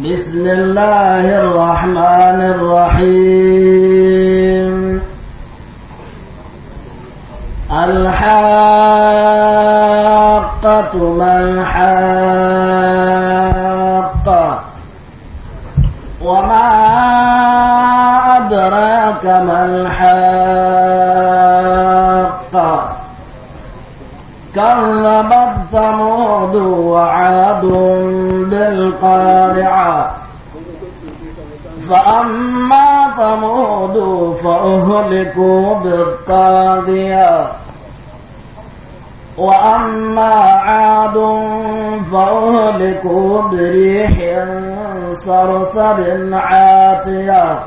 بسم الله الرحمن الرحيم الحاقة ما الحاقة وما أدراك ما الحاقة كذبت ثمود وعاد بالقارعة فأما ثمود فأهلكوا بالطاغية وأما عاد فأهلكوا بريح صرصر عاتية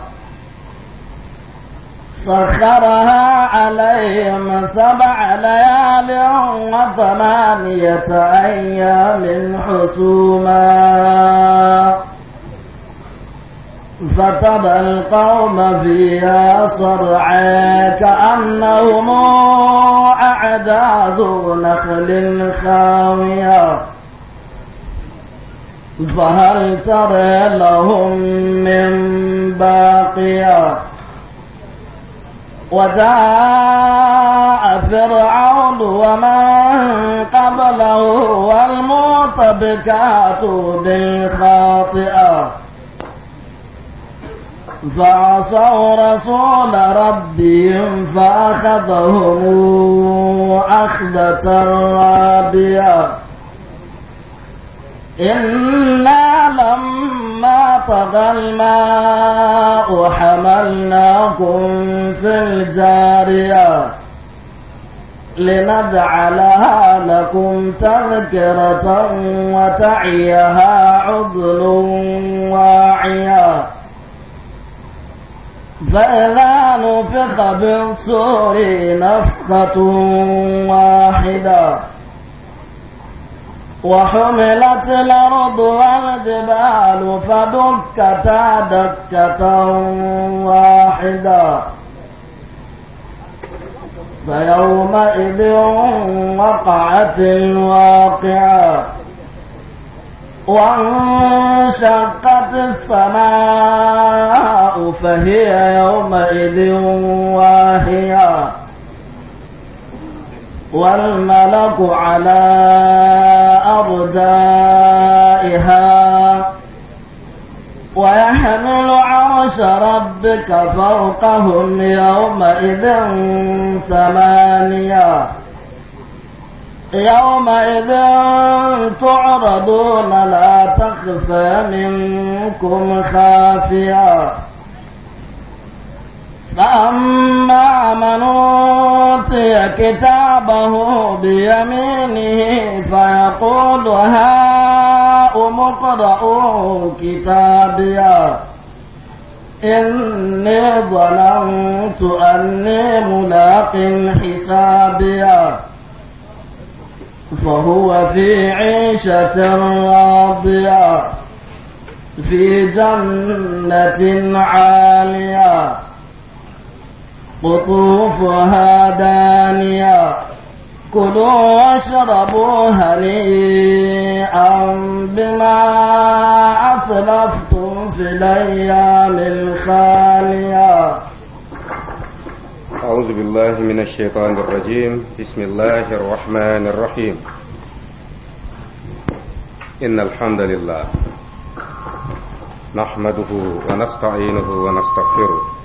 سخرها عليهم سبع ليال وثمانية أيام حسوما فترى القوم فيها صرعا كأنهم أعداد نخل خاوية فهل ترى لهم من باقيه وجاء فرعون ومن قبله والمعتبكات بالخاطئة فعصوا رسول ربهم فأخذهم أخذة رابية إنا لما ما طغى الماء حملناكم في الجارية لنجعلها لكم تذكرة وتعيها عضل واعيا فإذا نفخ بالصور نفخة واحدة وحملت الأرض والجبال فدكتا دكة واحدة فيومئذ وقعت الواقعة وانشقت السماء فهي يومئذ واهية والملك على أرجائها ويحمل عرش ربك فوقهم يومئذ ثمانية يومئذ تعرضون لا تخفى منكم خافية فأما من أوتي كتابه بيمينه فيقول هاؤم اقرءوا كتابيا إني ظننت أني ملاق حسابيا فهو في عيشة راضية في جنة عالية قطوفها دانية كلوا واشربوا هنيئا بما أسلفتم في الأيام الخالية أعوذ بالله من الشيطان الرجيم بسم الله الرحمن الرحيم إن الحمد لله نحمده ونستعينه ونستغفره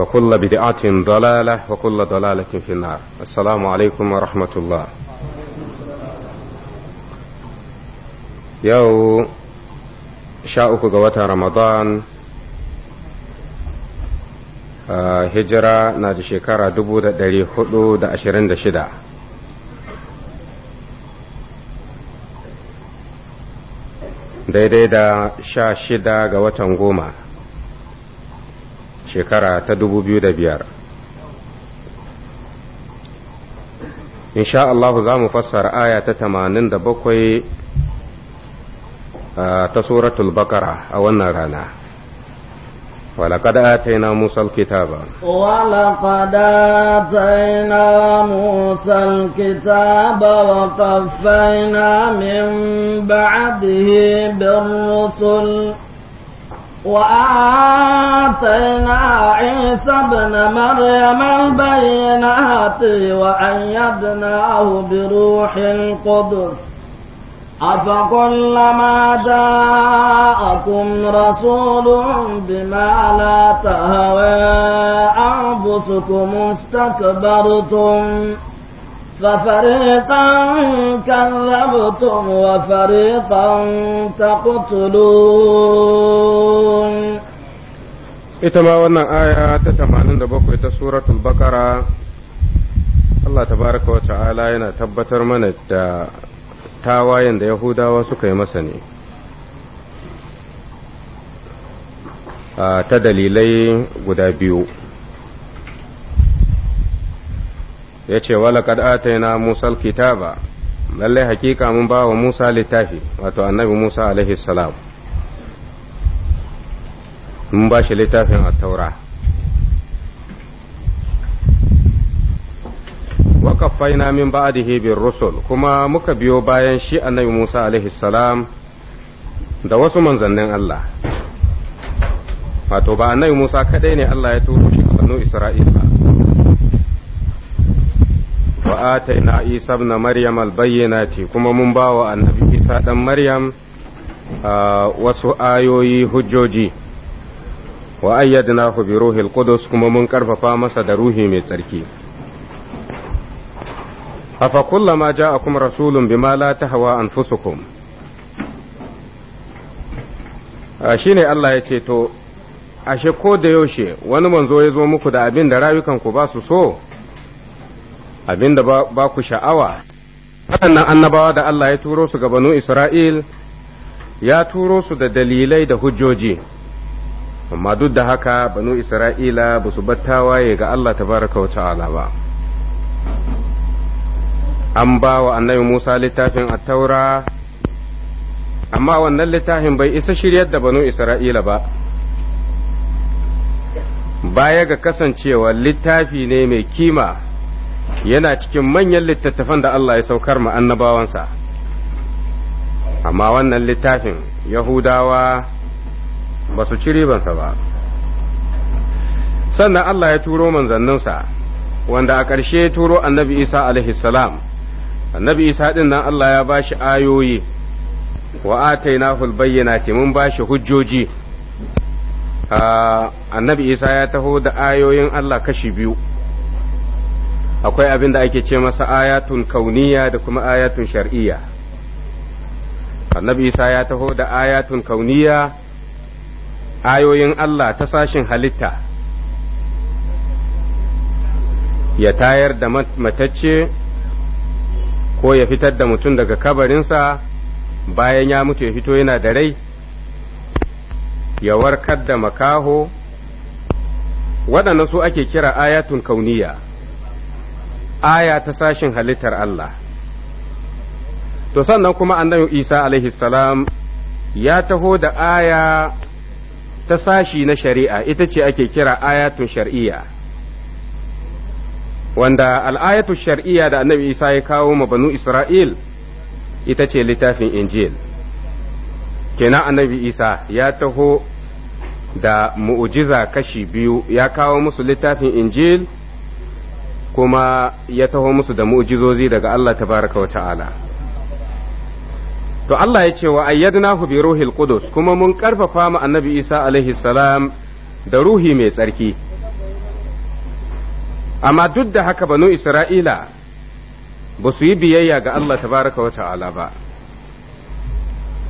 وكل بدعة ضلالة وكل ضلالة في النار السلام عليكم ورحمة الله يو شاءك قوات رمضان hijira na da shekara dubu da ɗari hudu da ashirin da shida daidai da sha shida ga watan goma shekara ta dubu biyu da biyar. In sha Allah za mu fassar aya ta tamanin da bakwai ta Sura Tulbakara a wannan rana. wala kad ataina musal kitaba wala kad ataina musal kitaba wa tafaina min ba'dihi bi rusul وآتينا عيسى ابن مريم البينات وأيدناه بروح القدس أفكلما جاءكم رسول بما لا تهوى أنفسكم استكبرتم ففريقا كذبتم وفريقا تقتلون ita ma wannan aya ta 87 ta suratun bakara Allah tabaraka wa ta'ala yana tabbatar mana da tawayen da Yahudawa suka yi masa ne ta dalilai guda biyu ya ce walaƙad ataina musal kitaba lallai hakika mun ba wa musa littafi wato annabi musa alaihi salam mun ba shi littafin a attaura fai na min da bir rusul kuma muka biyo bayan shi annabi musa alaihi salam da wasu manzannin Allah wato ba annabi Musa kadai ne Allah ya turo shi a banu Isra'ila wa ataina isa ibn maryam albayyinati kuma mun bawa annabi isa dan maryam wasu ayoyi hujjoji wa hu bi ruhil qudus kuma mun karfafa masa da ruhi mai tsarki afa kullama ja'akum rasulun bima la tahwa anfusukum shine Allah ya ce to ashe ko da yaushe wani manzo ya zo muku da abin da ku ba su so abinda ba ku sha'awa waɗannan annabawa da Allah ya turo su ga banu Isra'il ya turo su da dalilai da hujjoji amma duk da haka banu Isra'ila ba su battawaye ga Allah ta baraka ta'ala ba an ba wa annabi Musa littafin attaura amma wannan littafin bai isa shiryar da banu Isra'ila ba baya ga kasancewa littafi ne mai kima yana cikin manyan littattafan da Allah ya saukar ma annabawansa amma wannan littafin yahudawa ba su ci ribansa ba sannan Allah ya turo manzanninsa wanda a ƙarshe ya turo annabi isa alaihi salam annabi isa ɗin nan Allah ya ba shi ayoyi wa atainahu albayyinati mun ba shi hujjoji ah, annabi isa ya taho da ayoyin Allah kashi biyu akwai abin da ake ce masa ayatun kauniya da kuma ayatun shar'iyya annabi isa ya taho da ayatun kauniya ayoyin Allah ta sashin halitta ya tayar da matacce ko ya fitar da mutum daga kabarinsa bayan ya mutu ya fito yana da rai ya warkar da makaho waɗannan su ake kira ayatun kauniya aya ta sashin halittar Allah to sannan kuma annabi Isa alaihi salam ya taho da aya ta sashi na shari'a ita ce ake kira ayatun shar'iyya wanda al'ayatu shar'iyya da annabi Isa ya kawo ma banu Isra'il ita ce littafin Injil kenan annabi Isa ya taho da mu'ujiza kashi biyu ya kawo musu littafin Injil kuma ya taho musu da mu'jizozi daga Allah tabaraka wa ta'ala to Allah ya ce wa ayyadnahu bi ruhil qudus kuma mun karfafa mu annabi Isa alaihi salam da ruhi mai tsarki amma duk da haka banu Isra'ila ba su yi biyayya ga Allah tabaraka wa ta'ala ba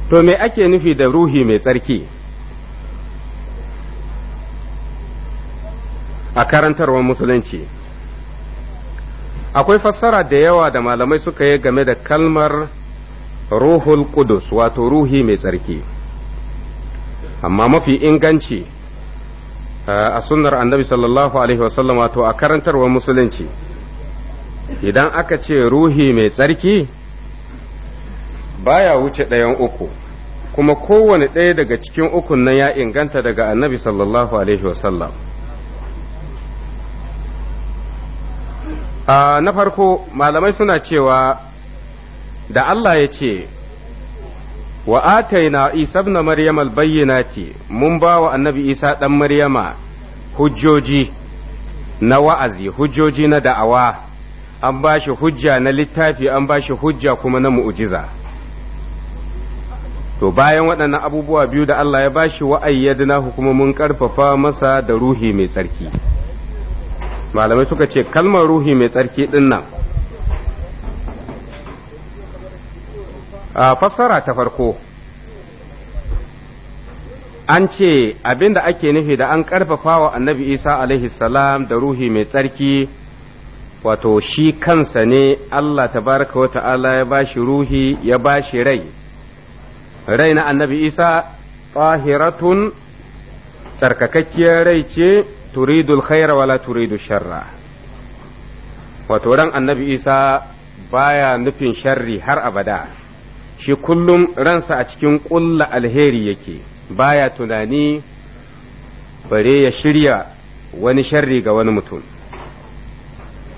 to me ake nufi da ruhi mai tsarki a karantarwar musulunci akwai fassara da yawa da malamai suka yi game da kalmar ruhul kudus wato ruhi mai tsarki amma mafi inganci eh, a sunar annabi sallallahu alaihi wasallam wato a karantarwa musulunci idan aka ce ruhi mai tsarki baya wuce ɗayan uku kuma kowane ɗaya daga cikin ukun nan ya inganta daga annabi sallallahu alaihi wasallam Ah, na farko malamai suna cewa da Allah ya ce wa ataina isa ibn maryam albayyinati mun ba wa annabi isa dan maryama hujjoji na wa'azi hujjoji na da'awa an ba shi hujja na littafi an ba shi hujja kuma na mu'jiza to bayan waɗannan abubuwa biyu da Allah ya ba shi wa'ayyadnahu kuma mun ƙarfafa masa da ruhi mai tsarki malamai suka ce kalmar ruhi mai tsarki din nan a fassara ta farko an ce abinda ake nufi da an ƙarfafa wa annabi isa alaihi salam da ruhi mai tsarki wato shi kansa ne allah baraka wa ta'ala ya bashi ruhi ya bashi rai rai na annabi isa tsahiratun tsarkakakkiyar rai ce turidul khaira wala turidu sharra wato ran annabi isa baya nufin sharri har abada shi kullum ransa a cikin ƙulla alheri yake baya tunani bare ya shirya wani sharri ga wani mutum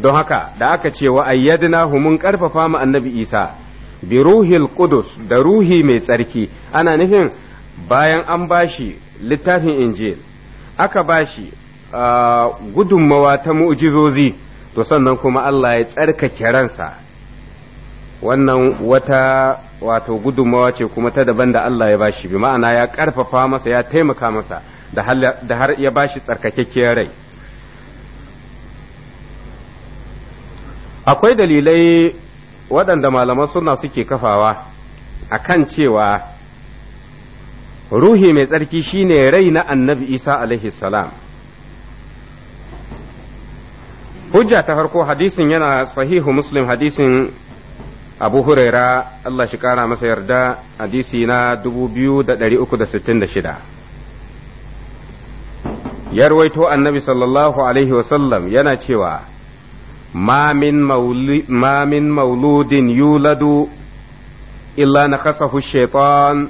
don haka da aka ce wa ayyadna mun karfafa mu annabi isa bi ruhil qudus da ruhi mai tsarki ana nufin bayan an bashi littafin injil aka bashi gudunmawa ta mu'jizozi to sannan kuma Allah ya tsarkake ransa wannan wata wato gudunmawa ce kuma ta daban da Allah ya bashi bi ma'ana ya karfafa masa ya taimaka masa da har ya bashi tsarkakekkiyar rai akwai dalilai waɗanda malaman suna suke kafawa a kan cewa ruhi mai tsarki shine rai na annabi isa alaihi salam hujja ta farko hadisin yana sahihu muslim hadisin abu huraira Allah shi kara masa yarda hadisi na 2366 ya rawaito annabi sallallahu alaihi wasallam yana cewa ma min mauludin yuladu illa na kasahu shaitan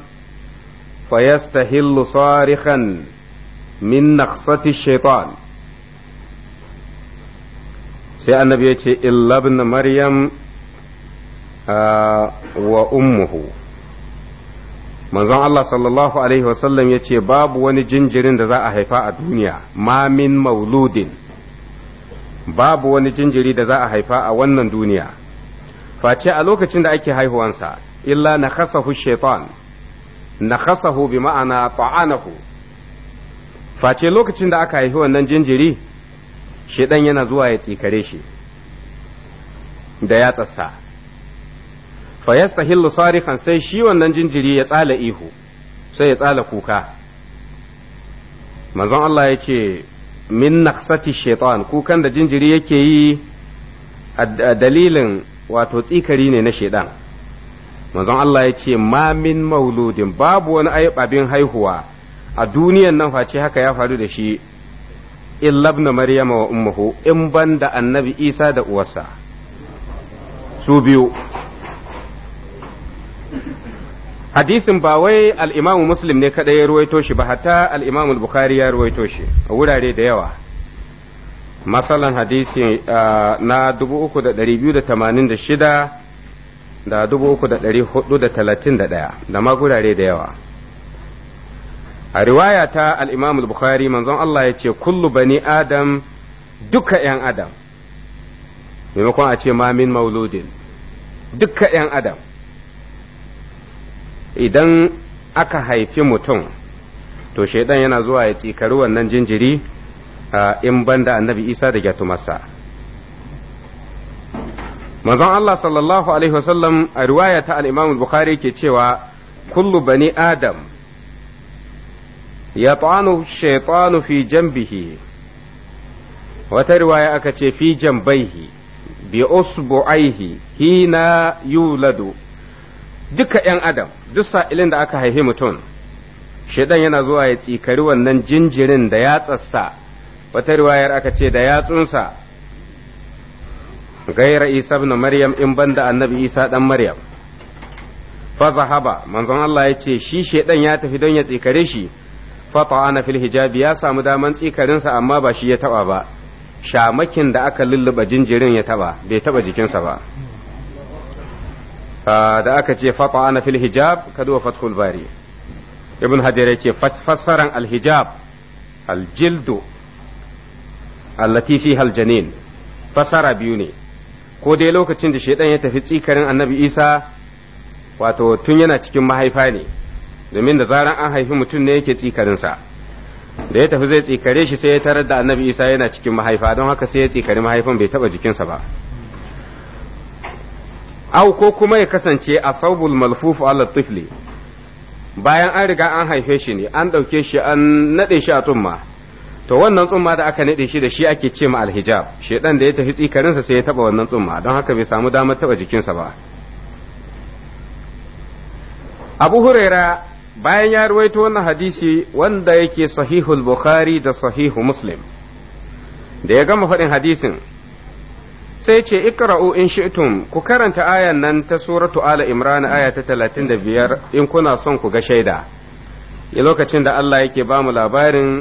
fayastahillu sarihan min naqsati shaitan sai annabi ya ce illabin maryam ah, wa ummuhu manzon Allah sallallahu alaihi wasallam ya ce babu wani jinjirin da za a haifa a duniya mamin mauludin babu wani jinjiri da za a haifa a wannan duniya face a lokacin da ake haihuwansa illa na kasahu shaitan na kasahu bi ma'ana ta'anahu face lokacin da aka haifi wannan jinjiri ɗan yana zuwa ya tsikare shi da ya yatsarsa fa yastahillu sarikan sai shi wannan jinjiri ya tsala ihu sai ya tsala kuka manzon Allah ya ce min naqsati shetan kukan da jinjiri yake yi a dalilin wato tsikari ne na shaidan manzon Allah ya ce ma min mauludin babu wani abin haihuwa a duniyan nan face haka ya faru da shi labna maryama wa ummuhu in ban da annabi isa da uwarsa su biyu hadisin ba wai al'imamu muslim ne kaɗai ya ruwaito shi ba hatta al'imamu bukhari ya ruwaito shi a wurare da yawa masalan hadisi ah, na 386 da 3,431 da ma gurare da yawa a riwaya ta al-Imam al-Bukhari manzon Allah ya ce kullu bani adam duka ‘yan adam maimakon a ce ma min mauludin duka ‘yan adam idan aka haifi mutum to shaidan yana zuwa ya tsikari wannan jinjiri in banda annabi isa da masa. manzon Allah sallallahu alaihi wasallam a riwaya ta al-Imam al-Bukhari ke cewa kullu bani adam yatanu shaitanu fi jambihi wata riwaya aka ce fi jambaihi bi usbu'aihi hina yuladu duka ‘yan adam duk sa'ilin da aka haifi mutum shaidan yana zuwa ya tsikari wannan jinjirin da yatsarsa wata riwayar aka ce da yatsunsa gaira isa ibn maryam in banda annabi isa dan maryam fa zahaba manzon Allah ya ce shi shaidan ya tafi don ya tsikare shi fata'ana fil hijabi ya samu daman tsikarinsa amma ba shi ya taba ba shamakin da aka lulluba jinjirin ya taba bai taba jikinsa ba ah, da aka ce fata'ana fil hijab kaduwa fathul bari ibn hajar yake fassaran al hijab al jildu allati fiha al janin fasara biyu ne ko dai lokacin da shedan ya tafi tsikarin annabi isa wato tun yana cikin mahaifa ne domin da zaran an haifi mutum ne yake tsikarinsa da ya tafi zai tsikare shi sai ya tarar da annabi isa yana cikin mahaifa don haka sai ya tsikari mahaifin bai taba jikinsa ba au ko kuma ya kasance a saubul malfufu ala tufli bayan an riga an haife shi ne an ɗauke shi an naɗe shi a tsumma to wannan tsumma da aka naɗe shi da shi ake ce ma alhijab shedan da ya tafi tsikarinsa sai ya taba wannan tsumma don haka bai samu damar taba jikinsa ba abu huraira bayan ya ruwaito wannan hadisi wanda yake sahihul bukhari da sahihu muslim da ya gama faɗin hadisin sai ce ikra'u in shi'tum ku karanta ayan nan ta suratu ala imran aya ta biyar in kuna son ku ga shaida a lokacin da Allah yake ba mu labarin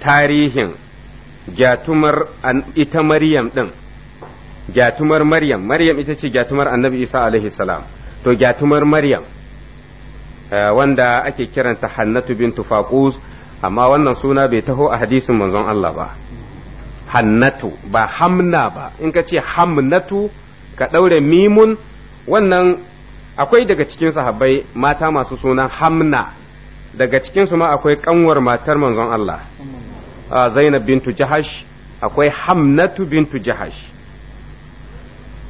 tarihin gyatumar ita maryam din gyatumar maryam maryam ita ce gyatumar annabi isa alaihi salam to gyatumar maryam Eh, wanda ake kiranta hannatu bintu faqus amma wannan suna bai taho a hadisin manzon Allah ba hannatu ba hamna ba in ka ce hamnatu ka ɗaure mimun wannan akwai daga cikin sahabbai mata masu sunan hamna daga cikinsu ma akwai kanwar matar manzon Allah ah, zainab bintu jahash akwai hamnatu bintu jahash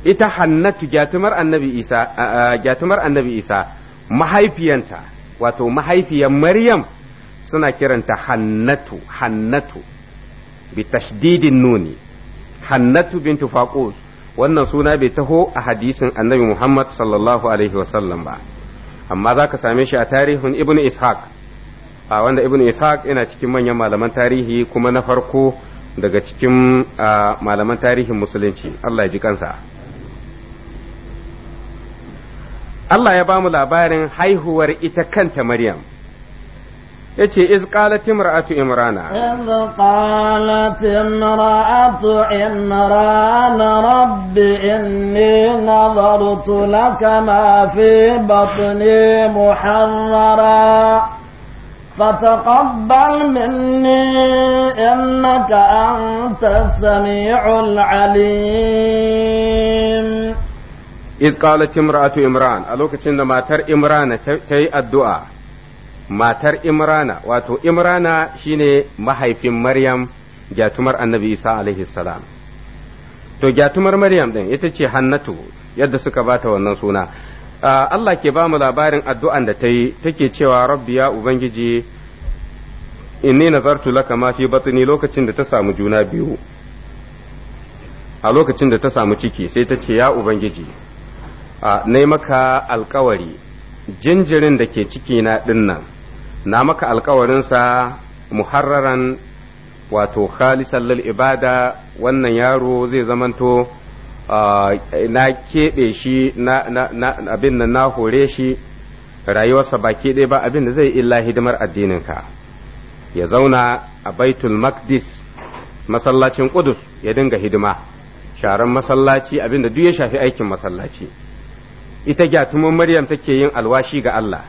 ita hannatu Annabi Isa gyatumar annabi isa ah, ah, mahaifiyanta wato mahaifiyar maryam suna kiranta hannatu hannatu bi tashdidin nuni hannatu bintu faqus wannan suna bai taho a hadisin annabi muhammad sallallahu alaihi wasallam ba amma za ka same shi a tarihin ibn ishaq a wanda ibn ishaq yana cikin manyan malaman tarihi kuma na farko daga cikin malaman tarihin musulunci allah ya ji kansa Allah ya ba mu labarin haihuwar ita kanta Maryam. ya ce iz qalat imra'atu imrana iz qalat imra'atu imrana rabbi inni nadartu laka ma fi batni muharrara فتقبل مني إنك أنت السميع العليم iz qalat imran a lokacin da matar imrana ta yi addu'a matar imrana wato imrana shine mahaifin maryam gyatumar annabi isa alaihi salam to gyatumar maryam din ita ce hannatu yadda suka bata wannan suna Allah ke ba mu labarin addu'an da ta yi take cewa rabbi ya ubangiji inni nazartu laka ma fi batni lokacin da ta samu juna biyu a lokacin da ta samu ciki sai ta ce ya ubangiji na maka alkawari jinjirin da ke cikina dinnan na maka sa muharraran wato khalisan lil ibada wannan yaro zai zamanto na keɓe shi abin nan na hore shi rayuwarsa baki ɗaya ba abin da zai illa hidimar addininka ya zauna a baitul maqdis masallacin ƙudus ya dinga hidima sharan masallaci abin da duk ya shafi aikin masallaci ita gyatumin Maryam take yin alwashi ga Allah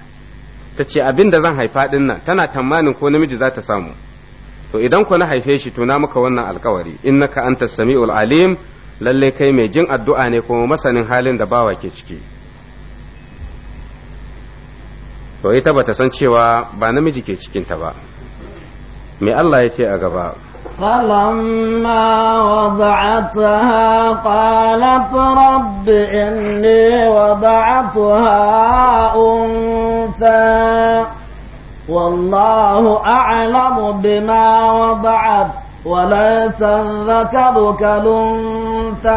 ta ce abin da zan haifa din nan tana tamanin ko namiji za ta samu to idan ku na haife shi tuna muka wannan alkawari innaka antas sami'ul alim lalle kai mai jin addu'a ne kuma masanin halin da bawa ke ciki to ita bata san cewa ba namiji ke cikinta ba me Allah ya ce a gaba فلما وضعتها قالت رب إني وضعتها أنثى والله أعلم بما وضعت وليس الذكر كالأنثى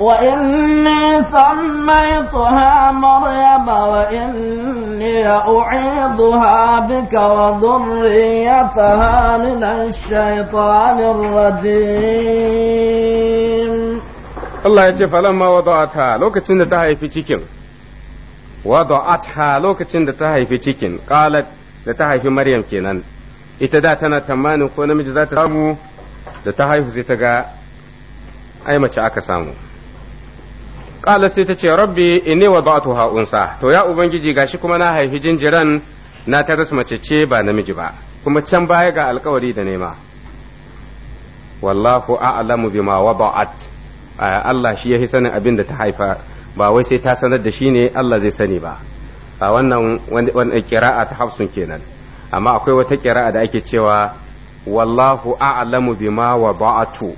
وإني سميتها مريم وإني أعيذها بك وذريتها من الشيطان الرجيم الله يجي فلما وضعتها لو كتشند تهي في تشيكين وضعتها لو كتشند تهي في تشيكين قالت لتهي في مريم كينان إتداتنا تمانو كون مجزات رامو لتهي في تغا أي مچ أكا سامو kala sai ta ce rabbi inni wada'tuha unsa to ya ubangiji gashi kuma na haifi jinjiran na ta mace ce ba namiji ba kuma can baya ga alkawari da nema wallahu a'lamu bima wada'at Allah shi yafi sanin abin da ta haifa ba wai sai ta sanar da shi ne Allah zai sani ba a wannan wannan kira'a ta hafsun kenan amma akwai wata kira'a da ake cewa wallahu a'lamu bima wada'atu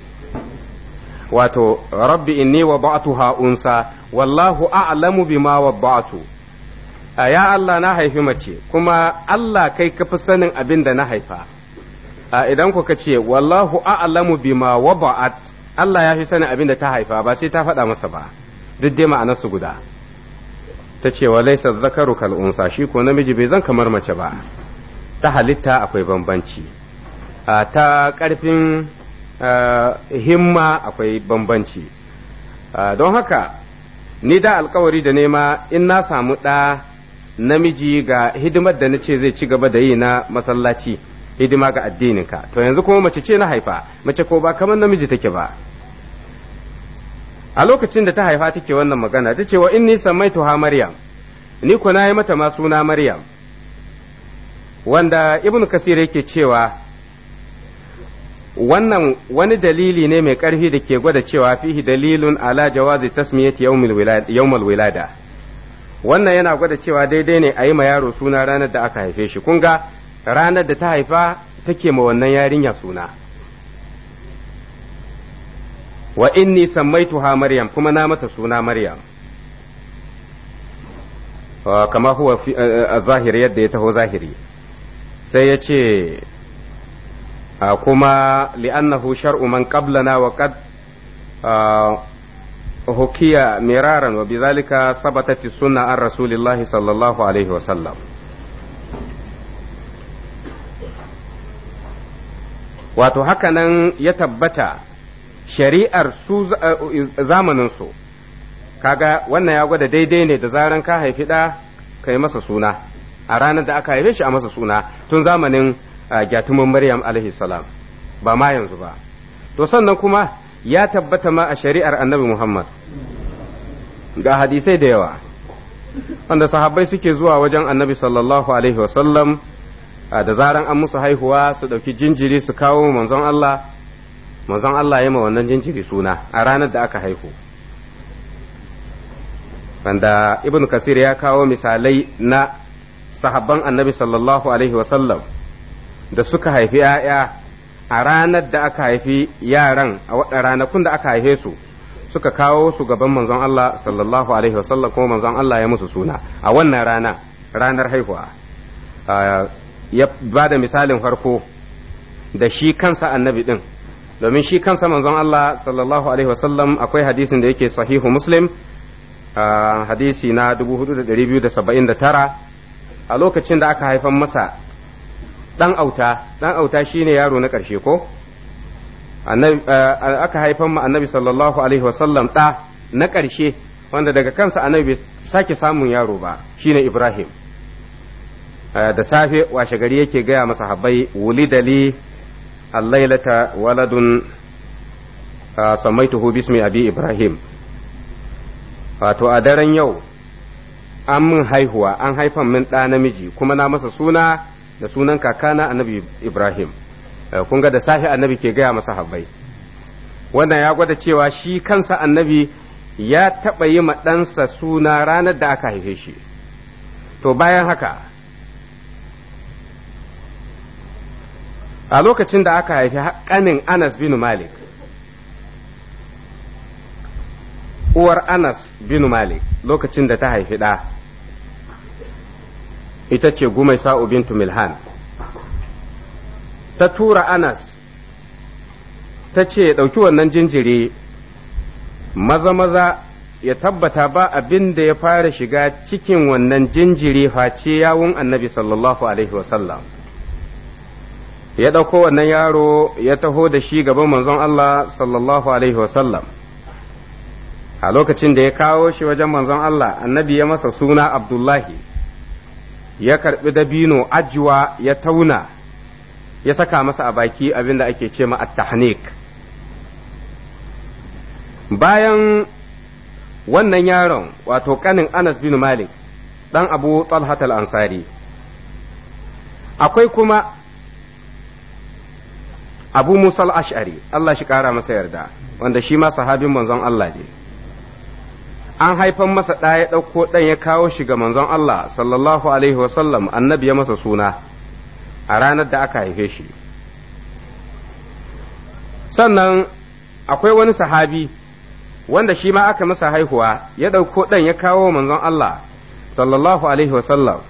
wato rabbi inni wa ba'atu unsa wallahu a'lamu bima ba'atu ya Allah na haifi mace kuma Allah kai ka fi sanin abin da na haifa A idan kuka ce wallahu a'lamu bima ba'at Allah ya fi sanin abin da ta haifa ba sai ta faɗa masa ba duk dai su guda ta ce wa laysa zakaru kal unsa shi ko namiji bai zan kamar mace ba ta halitta akwai bambanci ta ƙarfin Eh, himma akwai bambanci eh, don haka ni da alkawari da nema in na samu ɗa namiji ga hidimar da na ce zai ci gaba da yi na masallaci hidima ga addininka to yanzu kuma mace ce na haifa mace ko ba kamar namiji take ba a lokacin da ta haifa take wannan magana ta ce wa inni sammai tuha maryam ni ko na yi mata ma suna maryam wanda ibnu kasir yake cewa wannan wani dalili ne mai ƙarfi da ke gwada cewa fihi dalilun ala jawazi tasmiyat yawmul wilada wannan yana gwada cewa daidai ne a yi ma yaro suna ranar da aka haife shi kun ga ranar da ta haifa take ma wannan yarinya suna wa inni sammaituha maryam kuma na mata suna maryam kama huwa eh, eh, zahiri yadda ya taho zahiri sai ya ce kuma li'annahu shar'u man qablana wa qad hukiya miraran wa bizalika sabatat sunna an rasulillahi sallallahu alaihi wa sallam wato hakanan ya tabbata shari'ar su zamanin su kaga wannan ya gwada daidai ne da zaran ka haifi ɗa ka masa suna a ranar da aka haife shi a masa suna tun zamanin a gyatumin maryam alaihi salam ba ma yanzu ba to sannan kuma ya tabbata ma a shari'ar annabi muhammad ga hadisai da yawa wanda sahabbai suke zuwa wajen annabi sallallahu alaihi wasallam da zaran an musu haihuwa su ɗauki jinjiri su kawo manzon Allah manzon Allah ya ma wannan jinjiri suna a ranar da aka haihu wanda ibn kasir ya kawo misalai na sahabban annabi sallallahu alaihi wasallam da suka haifi ‘ya'ya a ranar da aka haifi yaran a ranakun da aka haife su suka kawo su gaban manzon Allah sallallahu alaihi wasallam kuma manzon Allah ya musu suna a wannan rana ranar haihuwa ya ba da misalin farko da shi kansa annabi din domin shi kansa manzon Allah sallallahu alaihi wasallam akwai hadisin da yake sahihu muslim hadisi na 4279 a lokacin da aka haifan masa dan auta dan auta shine yaro na ƙarshe ko eh, aka haifan mu annabi sallallahu alaihi wasallam ɗa na ƙarshe wanda daga kansa annabi bai sake samun yaro ba shine ibrahim eh, da safe washe gari yake gaya masa habbai wulidali allailata waladun eh, samaituhu bismi abi ibrahim wato a daren yau an min haihuwa an haifan min ɗa namiji kuma na masa suna da sunan kakana annabi ibrahim eh, kun ga da safe annabi ke gaya masa habbai wannan ya gwada cewa shi kansa annabi ya taɓa yi ma ɗansa suna ranar da aka haife shi to bayan haka a lokacin da aka haifi ƙanin anas bin malik uwar anas bin malik lokacin da ta haifi ɗa ita ce gumai sa'u bintu milhan ta tura anas ta ce ɗauki wannan jinjiri maza maza ya tabbata ba abin da ya fara shiga cikin wannan jinjiri face yawun annabi sallallahu alaihi wasallam ya ɗauko wannan yaro ya taho da shi gaban manzon Allah sallallahu alaihi wasallam a lokacin da ya kawo shi wajen manzon Allah annabi ya masa suna Abdullahi ya karɓi dabino ajiwa ya tauna ya saka masa a baki abinda ake ce ma at-tahnik bayan wannan yaron wato kanin Anas bin Malik dan Abu Talhat ansari akwai kuma Abu Musa al-Ash'ari Allah shi kara masa yarda wanda shi ma sahabin manzon Allah ne an haifan masa ɗa ya ɗauko ɗan ya kawo shi ga manzon Allah sallallahu alaihi wasallam annabi ya masa suna a ranar da aka haife shi sannan akwai wani sahabi wanda shi ma aka masa haihuwa ya ɗauko ɗan ya kawo manzon Allah sallallahu alaihi wasallam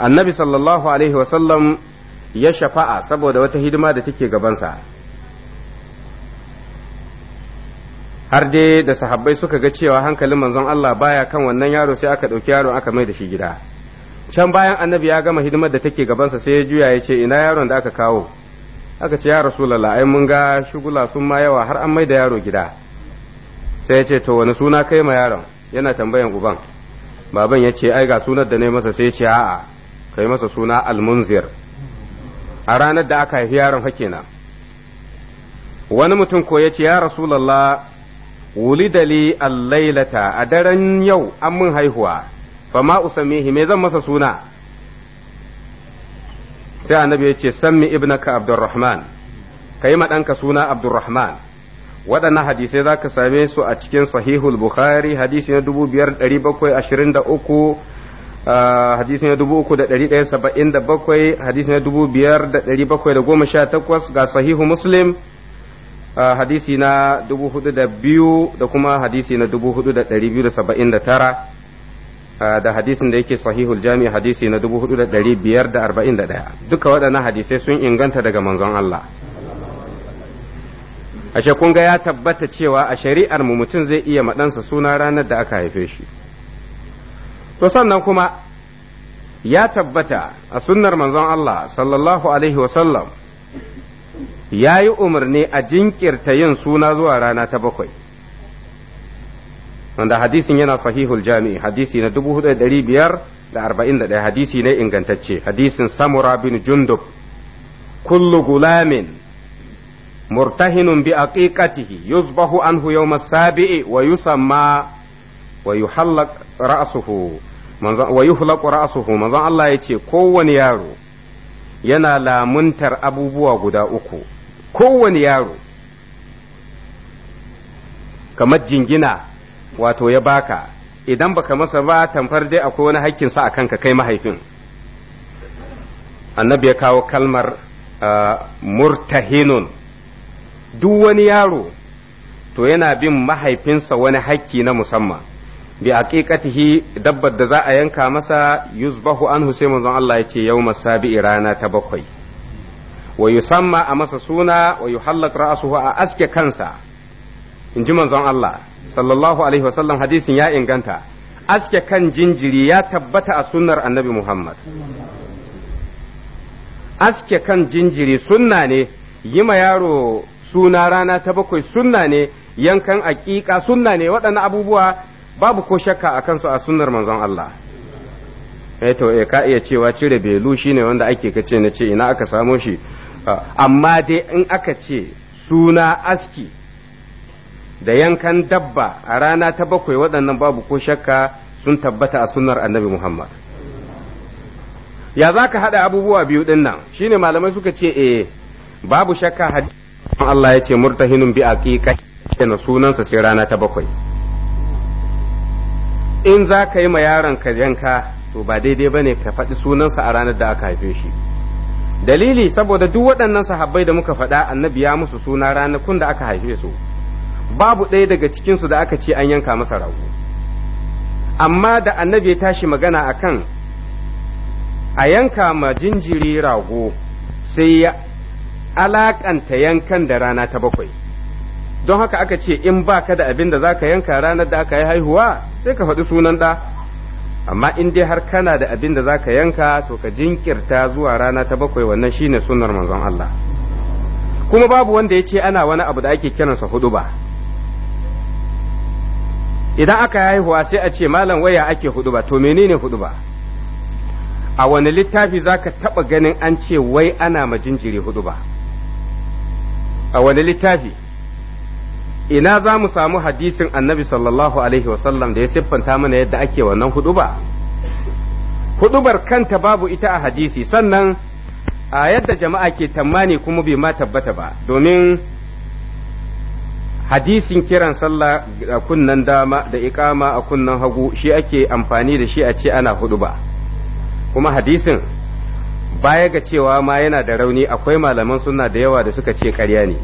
annabi sallallahu alaihi wasallam ya shafa'a saboda wata hidima da take gabansa har dai da sahabbai suka ga cewa hankalin manzon Allah baya kan wannan yaro sai aka ɗauki yaron aka mai da shi gida can bayan annabi ya gama hidimar da take gabansa sai ya juya ya ce ina yaron da aka kawo aka ce ya rasulallah ai mun ga shugula sun ma yawa har an mai da yaro gida sai ya ce to wani suna kai ma yaron yana tambayan uban baban ya ce ai ga sunar da ne masa sai ya ce a'a kai masa suna almunzir a ranar da aka haifi yaron hakenan wani mutum ko ya ce ya rasulallah wuli wulida li allailata a daren yau an mun haihuwa fa ma usamihi me zan masa suna sai annabi ya ce sammi ibnaka abdurrahman kai ma danka suna abdurrahman waɗannan hadisai za ka same su a cikin sahihul bukhari hadisi na 2723 hadisi na 3177 hadisi na 5718 ga sahihu muslim Ah, hadisi na dubu hudu da biyu da kuma hadisi na dubu hudu da ɗari biyu da saba'in da tara ah, da hadisin da yake sahihul jami hadisi na dubu hudu da ɗari biyar da arba'in da ɗaya duka waɗannan hadisai sun inganta daga manzon Allah ashe kun ga ya tabbata cewa a shari'ar mu mutum zai iya maɗansa suna ranar da aka haife shi to sannan kuma ya tabbata a sunnar manzon Allah sallallahu alaihi wa sallam ya yi umarni a jinkirta yin suna zuwa rana ta bakwai wanda hadisin yana sahihul jami'i hadisi na 4541 hadisi ne ingantacce hadisin samura bin jundub kullu gulamin murtahinun bi aqiqatihi yuzbahu anhu yawm as-sabi'i wa yusamma wa yuhallaq ra'suhu manzon wa yuhlaq ra'suhu manzon Allah yace kowane yaro yana lamuntar abubuwa guda uku kowane yaro kamar jingina wato ya baka idan baka masa ba tamfar dai akwai wani sa a kanka kai mahaifin annabi ya kawo kalmar murtahinun duk wani yaro to yana bin mahaifinsa wani hakki na musamman bi aqiqatihi dabbar da za a yanka masa yuzbahu anhu sai manzon Allah ya ce yawmas sabi'i rana ta bakwai wa yusamma a masa suna wa yuhallaq ra'suhu a aske kansa in ji manzon Allah sallallahu alaihi wasallam hadisin ya inganta aske kan jinjiri ya tabbata a sunnar annabi Muhammad aske kan jinjiri sunna ne yi ma yaro suna rana ta bakwai sunna ne yankan aƙiƙa sunna ne waɗannan abubuwa babu ko shakka a kansu a sunnar manzon Allah eh to eh ka iya cewa cire belu shine wanda ake kace na ce ina aka samo shi Ah. amma dai in aka ce suna aski da yankan dabba a rana ta bakwai waɗannan babu ko shakka sun tabbata a sunar annabi Muhammad ya za ka haɗa abubuwa biyu ɗin nan ne malamai suka ce eh babu shakka hadisi Allah ya ce murtahinun bi na sunansa sai rana ta bakwai in za ka yi ma yaron ka yanka to ba daidai ba ne ka faɗi sunansa a ranar da aka haife shi dalili saboda duk waɗannan sahabbai da muka faɗa annabi ya musu suna ranakun da aka haife su babu ɗaya daga cikinsu da aka ce an yanka masa rago amma da annabi ya tashi magana akan a yanka ma jinjiri rago sai ya alakanta yankan da rana ta bakwai don haka aka ce in ba ka da abin da za ka yanka ranar da aka yi haihuwa sai ka faɗi sunan ɗa amma in dai har kana da abin da zaka yanka to ka jinkirta zuwa rana ta bakwai wannan shine sunnar manzon Allah kuma babu wanda ya ce ana wani abu da ake kiransa hudu ba idan aka haihuwa sai a ce malam waya ake hudu ba to menene hudu ba a wani littafi zaka taba ganin an ce wai ana ma jinjiri hudu ba a wani littafi ina za mu samu hadisin annabi sallallahu alaihi wasallam da ya siffanta mana yadda ake wannan huduba hudubar kanta babu ita a hadisi sannan a yadda jama'a ke tammani kuma bai ma tabbata ba domin hadisin kiran sallah a kunnan dama da ikama a kunnan hagu shi ake amfani da shi a ce ana huduba kuma hadisin baya ga cewa ma yana da rauni akwai malaman sunna da yawa da suka ce ƙarya ne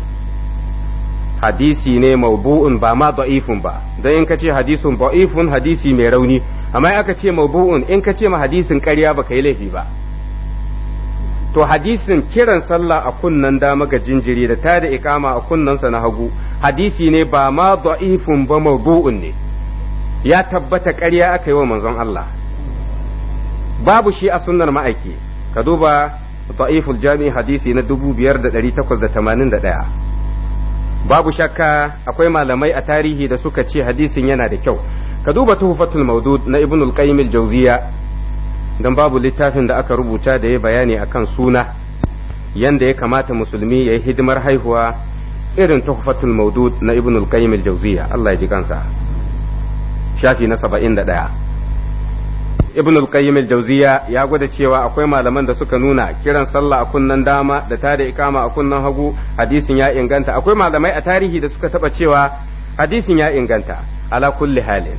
hadisi ne mabu'un ba ma da'ifun ba dan in ka ce hadisun da'ifun hadisi mai rauni amma in aka ce mabu'un in ka ce ma hadisin ƙarya ba ka yi laifi ba to hadisin kiran sallah a kunnan dama ga jinjiri da tada ikama a sa na hagu hadisi ne ba ma da'ifun ba mabu'un ne ya tabbata ƙarya aka yi wa manzon Allah babu shi a sunnar ma'aiki ka duba da'iful jami'i hadisi na 5881 babu shakka akwai malamai a tarihi da suka ce hadisin yana da kyau ka duba tuhfatul maudud na ibnul qayyim al-jawziya dan babu littafin da aka rubuta da ya bayani akan suna yanda ya kamata musulmi ya yi hidimar haihuwa irin tuhfatul maudud na ibnul qayyim al-jawziya Allah ya ji kansa shafi na 71 ibn al-qayyim al-jawziya ya gwada cewa akwai malaman da suka nuna kiran sallah a kunnan dama da tada ikama a kunnan hagu hadisin ya inganta akwai malamai a tarihi da suka taba cewa hadisin ya inganta ala kulli halin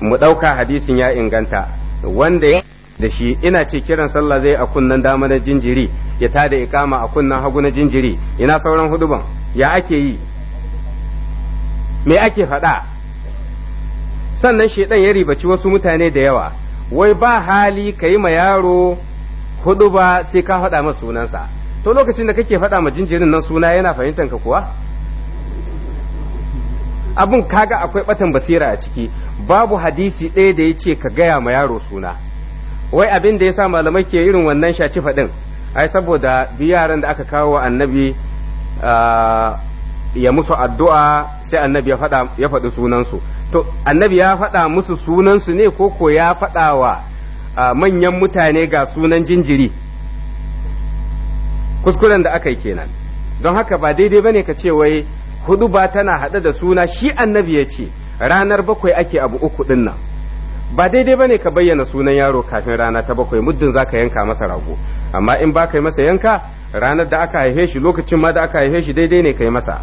mu ɗauka hadisin ya inganta wanda ya da shi ina ce kiran sallah zai a kunnan dama na jinjiri ya tada ikama a kunnan hagu na jinjiri ina sauran huduban ya ake yi me ake faɗa sannan shaidan ya ribaci wasu mutane da yawa wai ba hali ka yi ma yaro hudu ba sai ka faɗa masa sunansa to lokacin da kake faɗa ma jinjirin nan suna yana fahimtar ka kuwa abun kaga akwai batan basira a ciki babu hadisi ɗaya da ya ce ka gaya ma yaro suna wai abin da ya sa malamai ke irin wannan shaci faɗin ai saboda bi yaran da aka kawo annabi ah, ya musu addu'a sai annabi ya faɗi sunansu to annabi ya faɗa musu sunansu ne ko ko ya faɗa wa manyan mutane ga sunan jinjiri kuskuren da aka yi kenan don haka ba daidai bane ka ce wai hudu ba tana haɗe da suna shi annabi ya ce ranar bakwai ake abu uku ɗin nan ba daidai bane ka bayyana sunan yaro kafin rana ta bakwai muddin za ka yanka masa rago amma in ba ka masa yanka ranar da aka haife shi lokacin ma da aka haife shi daidai ne ka yi masa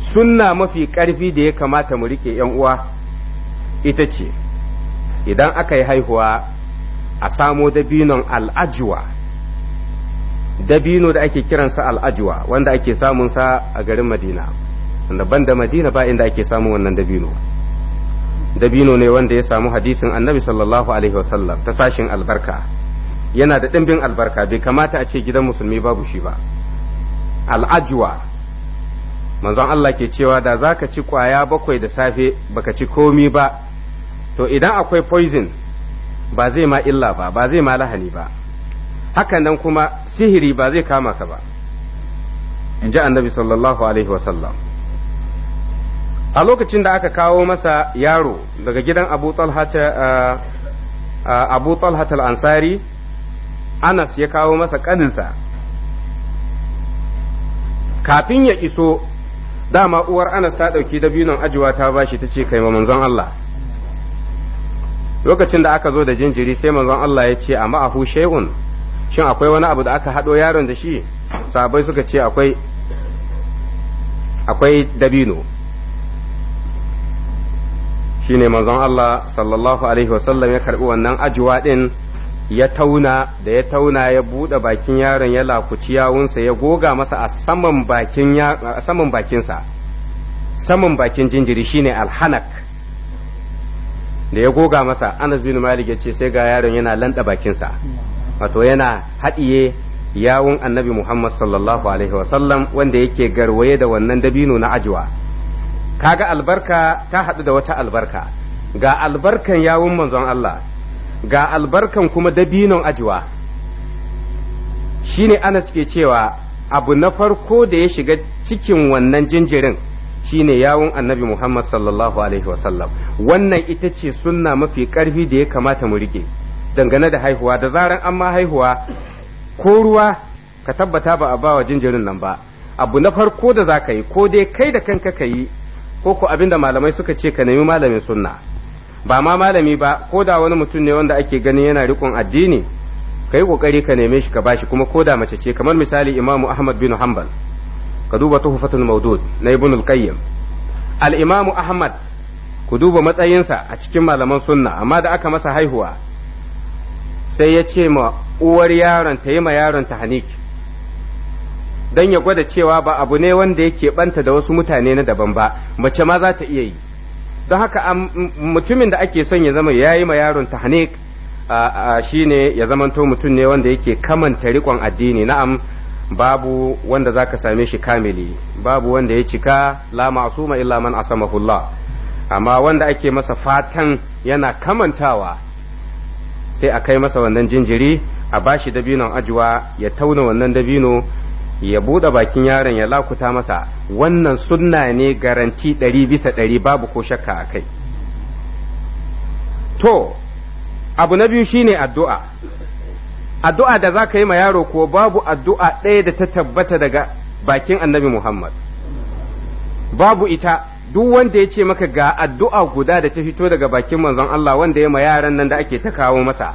sunna mafi ƙarfi da ya kamata mu rike uwa ita ce idan aka yi haihuwa a samo dabinon al'ajuwa dabino da ake kiransa al'ajuwa wanda ake samunsa a garin madina wanda ban da madina ba inda ake samun wannan dabino dabino ne wanda ya samu hadisin annabi sallallahu alaihi wasallam ta sashin albarka yana da ɗimbin albarka bai kamata a ce gidan musulmi babu shi ba al'ajuwa manzon Allah ke cewa da za ka ci kwaya bakwai da safe baka ci komi ba to idan akwai poison ba zai ma illa ba ba zai ma lahani ba hakan nan kuma sihiri ba zai kama ka ba in ji annabi sallallahu alaihi wasallam a lokacin da aka kawo masa yaro daga gidan abu talha abu ansari anas ya kawo masa kaninsa kafin ya iso dama uwar anas ta ɗauki dabinon ajiwa ta bashi ta ce kai manzon Allah lokacin da aka zo da jinjiri sai manzon Allah ya ce amma ahu shay'un shin akwai wani abu da aka haɗo yaron da shi sahabbai suka ce akwai akwai dabino shine manzon Allah sallallahu alaihi wasallam ya karbi wannan ajiwa din ya tauna da ya tauna ya buɗe bakin yaron ya lakuci yawunsa ya goga masa a saman bakin ya saman bakinsa saman bakin jinjiri shine alhanak da ya goga masa Anas bin Malik ya ce sai ga yaron yana lanɗa bakinsa wato yana haɗiye yawun annabi Muhammad sallallahu alaihi wa sallam wanda yake garwaye da wannan dabino na ajwa kaga albarka ta haɗu da wata albarka ga albarkan yawun manzon Allah ga albarkan kuma dabinon ajiwa shine anas ke cewa abu na farko da ya shiga cikin wannan jinjirin shine yawon annabi muhammad sallallahu alaihi wasallam wannan ita ce sunna mafi karfi da ya kamata mu rike dangane da haihuwa da zaran an ma haihuwa ko ruwa ka tabbata ba a ba wa jinjirin nan ba abu na farko da za ka yi ko dai kai da kanka ka yi ko ko abinda malamai suka ce ka nemi malamin sunna ba ma malami ba ko da wani mutum ne wanda ake ganin yana rikon addini ka yi kokari ka neme shi ka bashi kuma ko da mace ce kamar misali imamu ahmad bin hanbal ka duba tuhfatul mawdud na ibn al-qayyim al-imamu ahmad ku duba matsayinsa a cikin malaman sunna amma da aka masa haihuwa sai ya ce ma uwar yaron ta yi ma yaron ta haniki don ya gwada cewa ba abu ne wanda yake banta da wasu mutane na daban ba mace ma za ta iya yi don haka mutumin da ake son ya zama ya yi ma yaron tahnik ne ya zamanto mutum ne wanda yake kamanta riƙon addini na'am babu wanda zaka same shi kamili babu wanda ya cika la ma'suma illa man asamahullah amma wanda ake masa fatan yana kamantawa sai a kai masa wannan jinjiri a bashi dabinon ajuwa ya tauna wannan dabino ya buɗe bakin yaron ya lakuta masa wannan sunna ne garanti ɗari bisa ɗari babu ko shakka a kai to abu na biyu shine addu'a addu'a da za ka yi ma yaro ko babu addu'a ɗaya da ta tabbata daga bakin annabi muhammad babu ita duk wanda ya ce maka ga addu'a guda da ta fito daga bakin manzon Allah wanda ya ma yaran nan da ake ta kawo masa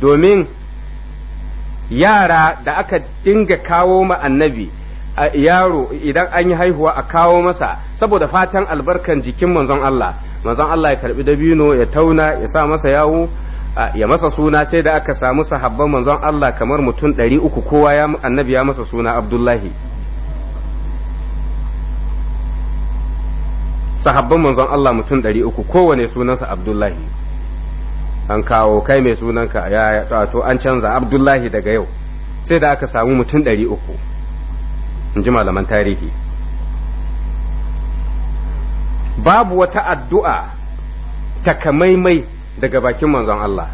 domin yara da aka dinga kawo ma annabi a yaro idan an yi haihuwa a kawo masa saboda fatan albarkan jikin manzon Allah manzon Allah ya karbi dabino ya tauna ya sa masa yawo ya masa suna sai da aka samu sahabban manzon Allah kamar mutum ɗari uku kowa ya annabi ya masa suna Abdullahi sahabban manzon Allah mutum ɗari uku kowane sunansa Abdullahi an kawo kai mai sunanka ya to an canza abdullahi daga yau sai da aka samu mutum ɗari uku in ji malaman tarihi babu wata addu'a ta takamaimai daga bakin manzon Allah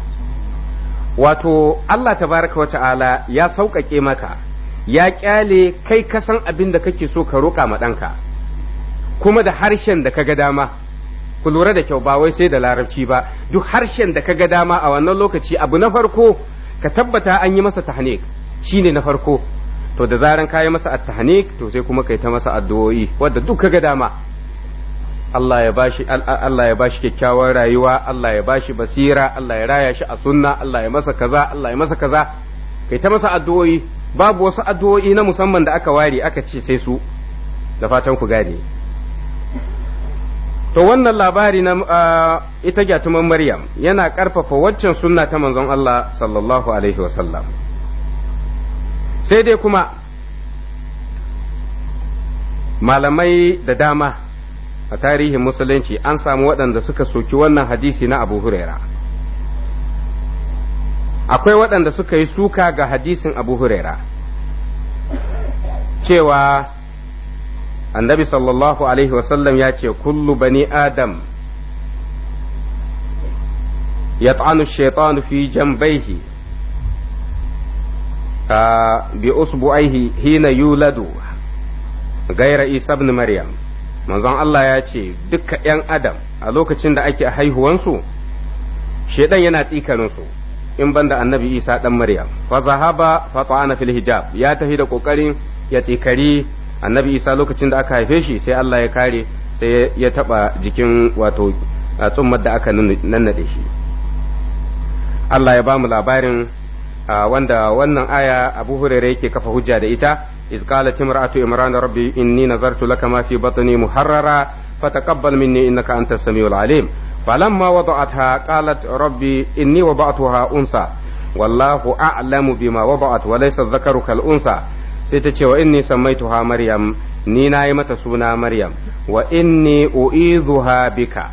wato Allah Ta baraka wata ala ya sauƙaƙe maka ya ƙyale kai kasan abin da kake so ka roƙa ma ɗanka kuma da harshen da ka ga dama ku lura da kyau ba wai sai da larabci ba duk harshen da ka ga dama a wannan lokaci abu na farko ka tabbata an yi masa tahnik shine na farko to da zaran ka yi masa at-tahnik to sai kuma kai ta masa addu'o'i wanda duk kaga dama Allah ya bashi Allah ya bashi kyakkyawar rayuwa Allah ya bashi basira Allah ya raya shi a sunna Allah ya masa kaza Allah ya masa kaza kai ta masa addu'o'i babu wasu addu'o'i na musamman da aka ware aka ce sai su da fatan ku gane to wannan labari na ah, ita gyatuman maryam yana ƙarfafa waccan sunna ta manzon Allah sallallahu alaihi wasallam sai dai kuma malamai da dama a tarihin musulunci an samu waɗanda suka soki wannan hadisi na abu huraira akwai waɗanda suka yi suka ga hadisin abu huraira cewa annabi sallallahu alaihi wasallam ya ce kullu bani adam yat'anu shaitanu fi jambaihi bi usbu'aihi hina yuladu gaira isa ibn maryam manzon Allah ya ce duka ‘yan adam a lokacin da ake haihuwansu shaidan yana tsikaninsu in banda annabi isa ɗan maryam fa zahaba fa ta'ana fil hijab ya tafi da kokarin ya tsikari annabi isa lokacin da aka haife shi sai Allah ya kare sai ya taba jikin wato tsummar da aka nannade shi Allah ya ba mu labarin wanda wannan aya Abu hurairai yake kafa hujja da ita iz qalat imra'atu imran rabbi inni nazartu laka ma fi batni muharrara fataqabbal minni innaka antas samiul alim falamma wada'atha qalat rabbi inni wada'tuha unsa wallahu a'lamu bima wada'at wa laysa dhakaru kal unsa sai ta ce wa inni sammaituha maryam ni na yi mata suna maryam wa inni u'izuha bika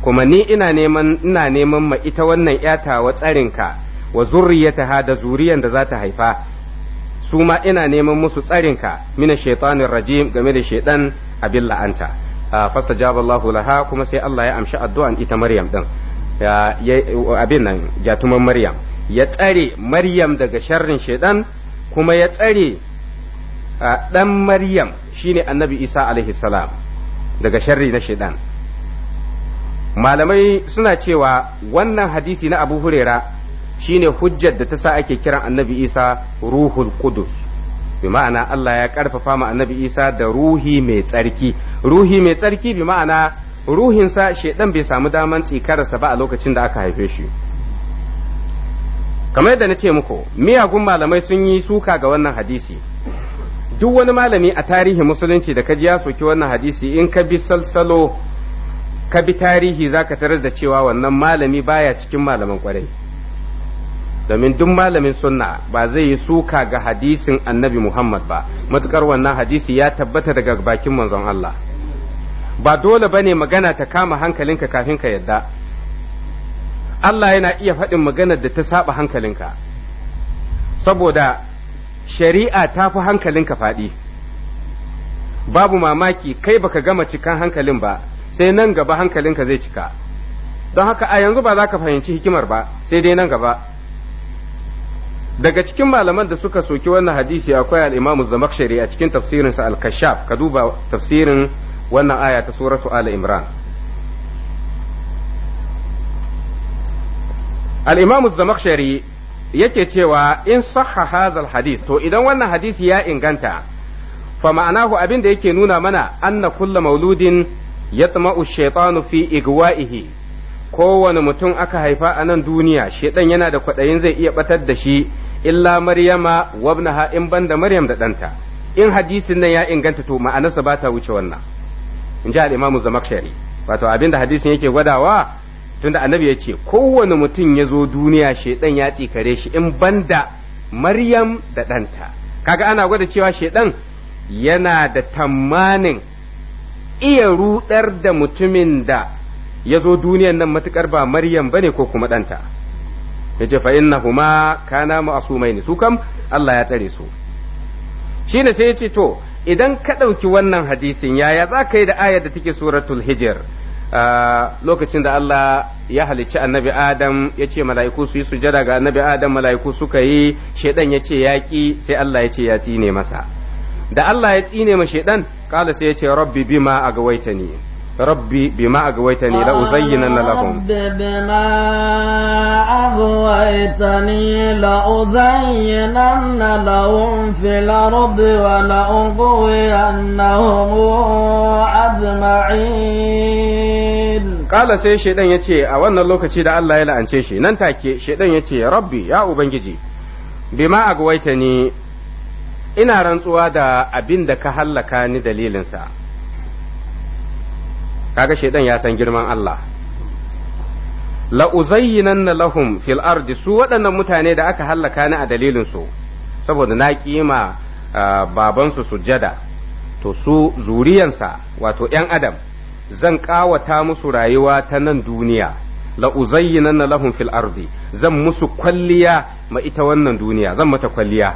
kuma ni ina neman ina ma ita wannan yata wa tsarinka wa ha da zuriyan da za ta haifa su ma ina neman musu tsarinka mina shaitanin rajim game da shaitan abin la'anta ah, fastajaba Allahu laha kuma sai Allah ya amshi addu'an ita Maryam din abin nan jatuman Maryam ya tsare Maryam daga sharrin shaidan kuma ya tsare a ɗan maryam shine annabi isa alaihi salam daga sharri na shaidan malamai suna cewa wannan hadisi na abu hurera shine hujjar da ta sa ake kiran annabi isa ruhul kudus bi ma'ana Allah ya ƙarfafa ma annabi isa da ruhi mai tsarki ruhi mai tsarki bi ma'ana ruhinsa shaidan bai samu daman tsikararsa ba a lokacin da aka haife shi kamar yadda na ce muku miyagun malamai sun yi suka ga wannan hadisi duk wani malami a tarihi musulunci da ka ji ya soki wannan hadisi in ka bi salsalo ka bi tarihi za ka tarar da cewa wannan malami baya cikin malaman kwarai domin duk malamin sunna ba zai yi suka ga hadisin annabi muhammad ba matukar wannan hadisi ya tabbata daga bakin manzon allah ba dole ba ne magana ta kama hankalinka kafin ka yadda Allah yana iya faɗin maganar da ta saba hankalinka saboda shari'a ta fi hankalinka faɗi babu mamaki kai baka gama cikan hankalin ba sai nan gaba hankalinka zai cika don haka a yanzu ba za ka fahimci hikimar ba sai dai nan gaba daga cikin malaman da suka soki wannan hadisi akwai al-imamu zamakshari a cikin tafsirinsa al-kashaf ka duba tafsirin wannan aya ta suratu ala imran al-imam yake cewa in sahha hadha hadith to idan wannan hadisi ya inganta fa ma'anahu abin da yake nuna mana anna kullu mauludin yatma'u ash-shaytanu fi igwa'ihi kowane mutum aka haifa a nan duniya shedan yana da kwadayin zai iya batar da shi illa maryama wabnaha in banda maryam da danta in hadisin nan ya inganta to ma'anarsa ba ta wuce wannan in ji al-imam az wato abin da hadisin yake gwadawa tunda annabi ya ce kowane mutum ya zo duniya shaidan ya tsikare shi in banda maryam da ɗanta kaga ana gwada cewa shaidan yana da tamanin iya rudar da mutumin da ya zo duniyan nan matukar ba maryam bane ko kuma ɗanta ya ce fa ma kana ne su kam Allah ya tsare su shi ne sai ya ce to idan ka ɗauki wannan hadisin yaya za ka yi da ayar da take suratul hijr Ah, lokacin da Allah ya halicci annabi Adam ya ce mala'iku su yi sujada ga annabi Adam mala'iku suka yi shaidan ya ce yaƙi sai Allah ya ce ya tsine masa da Allah ya tsine ma shaidan kala sai ya ce rabbi bima a gawaita ni rabbi bima a gawaita ni la uzayyinan lahum fil Ƙala sai shaidan ya ce a wannan lokaci da Allah ya la'ance shi nan take shaidan ya ce rabbi ya ubangiji bima agwaita ni ina rantsuwa da abin da ka hallaka ni dalilinsa kaga shaidan ya san girman Allah la uzayyinanna lahum fil ardi su waɗannan mutane da aka hallaka ni a dalilin su saboda na kima ah, babansu sujjada to su zuriyansa wato ‘yan adam zan ƙawata musu rayuwa ta nan duniya la'uzayyinan lahum fil ardi zan musu kwalliya ma ita wannan duniya zan mata kwalliya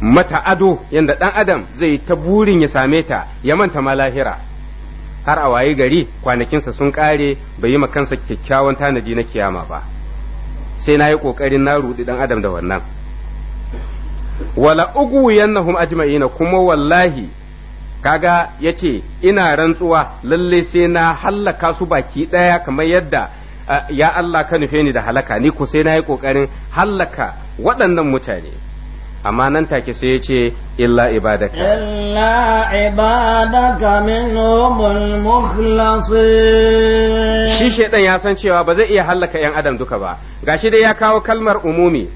mata ado yanda ɗan adam zai ta burin ya same ta ya manta ma lahira har a wayi gari kwanakinsa sun ƙare bai yi kansa kyakkyawan tanadi na kiyama ba sai na yi ƙoƙarin na ruɗi ɗan adam da wannan wala ugu yannahum ajma'ina kuma wallahi kaga ya ce ina rantsuwa lalle sai na hallaka su baki ɗaya kamar yadda ya Allah ka nufe ni da halaka ni ko sai na yi ƙoƙarin hallaka waɗannan mutane amma nan take sai ya ce illa ibadaka illa ibadaka minhumul mukhlasin shi shedan ya san cewa ba zai iya hallaka yan adam duka ba gashi dai ya kawo kalmar umumi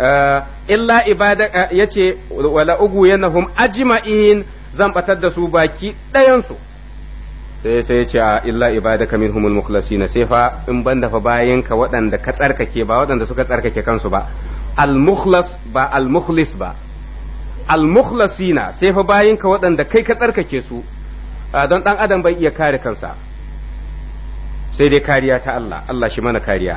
eh, illa ibadaka eh, yace wala ugu yanahum ajma'in zan batar da su baki ɗayansu sai sai ce a illa ibadaka minhumul mukhlasina sai fa in dafa bayan ka waɗanda ka tsarkake ba waɗanda suka tsarkake kansu ba al mukhlas ba al mukhlis ba al mukhlasina sai fa bayanka waɗanda kai ka tsarkake su don ɗan adam bai iya kare kansa sai dai kariya ta Allah Allah shi mana kariya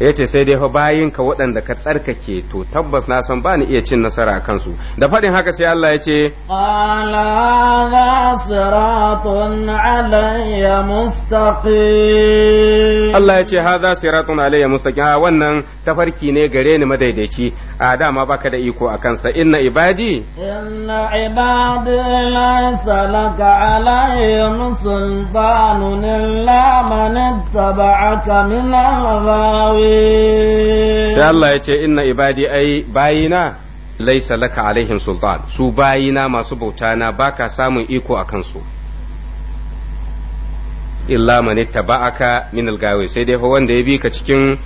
ya ce sai dai fa bayinka ka waɗanda ka tsarkake to tabbas na san bani iya cin nasara a kansu da faɗin haka sai Allah ya ce qala za siratun alayya mustaqim Allah ya ce haza siratun alayya mustaqim ah, wannan tafarki ne gare ni madaidaici a ah, dama baka da iko a kansa inna ibadi inna ibadi la salaka alayhim sultanun illa man ittaba'aka min al sai Allah ya ce inna ibadi ai bayina laisa laka alaihim sultan su bayina masu bauta na baka samun iko a kansu illa man ittaba'aka min algawi sai dai fa wanda ya bi ka cikin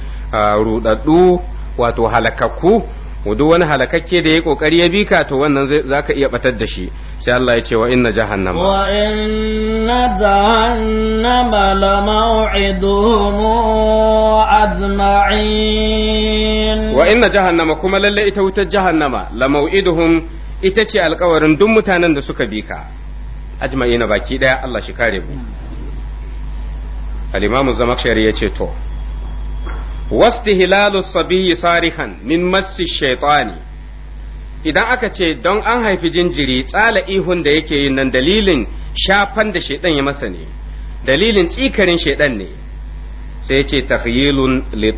rudaddu wato halakakku duk wani halakakke da ya kokari ya bi ka to wannan zaka iya batar da shi sai Allah ya ce wa inna jahannama wa inna jahannama la maw'iduhum ajma'in wa inna jahannama kuma lalle ita wuta jahannama la maw'iduhum ita ce alkawarin duk mutanen da suka bi ka ajma'ina baki daya Allah shi kare mu al-imamu zamakshari ya ce to wastihlalu sabiyyi sarihan min massi shaytani idan aka ce don an haifi jinjiri tsala ihun da yake yin nan dalilin shafan da shaidan ya masa ne dalilin tsikarin shaidan ne sai ce takhyilun li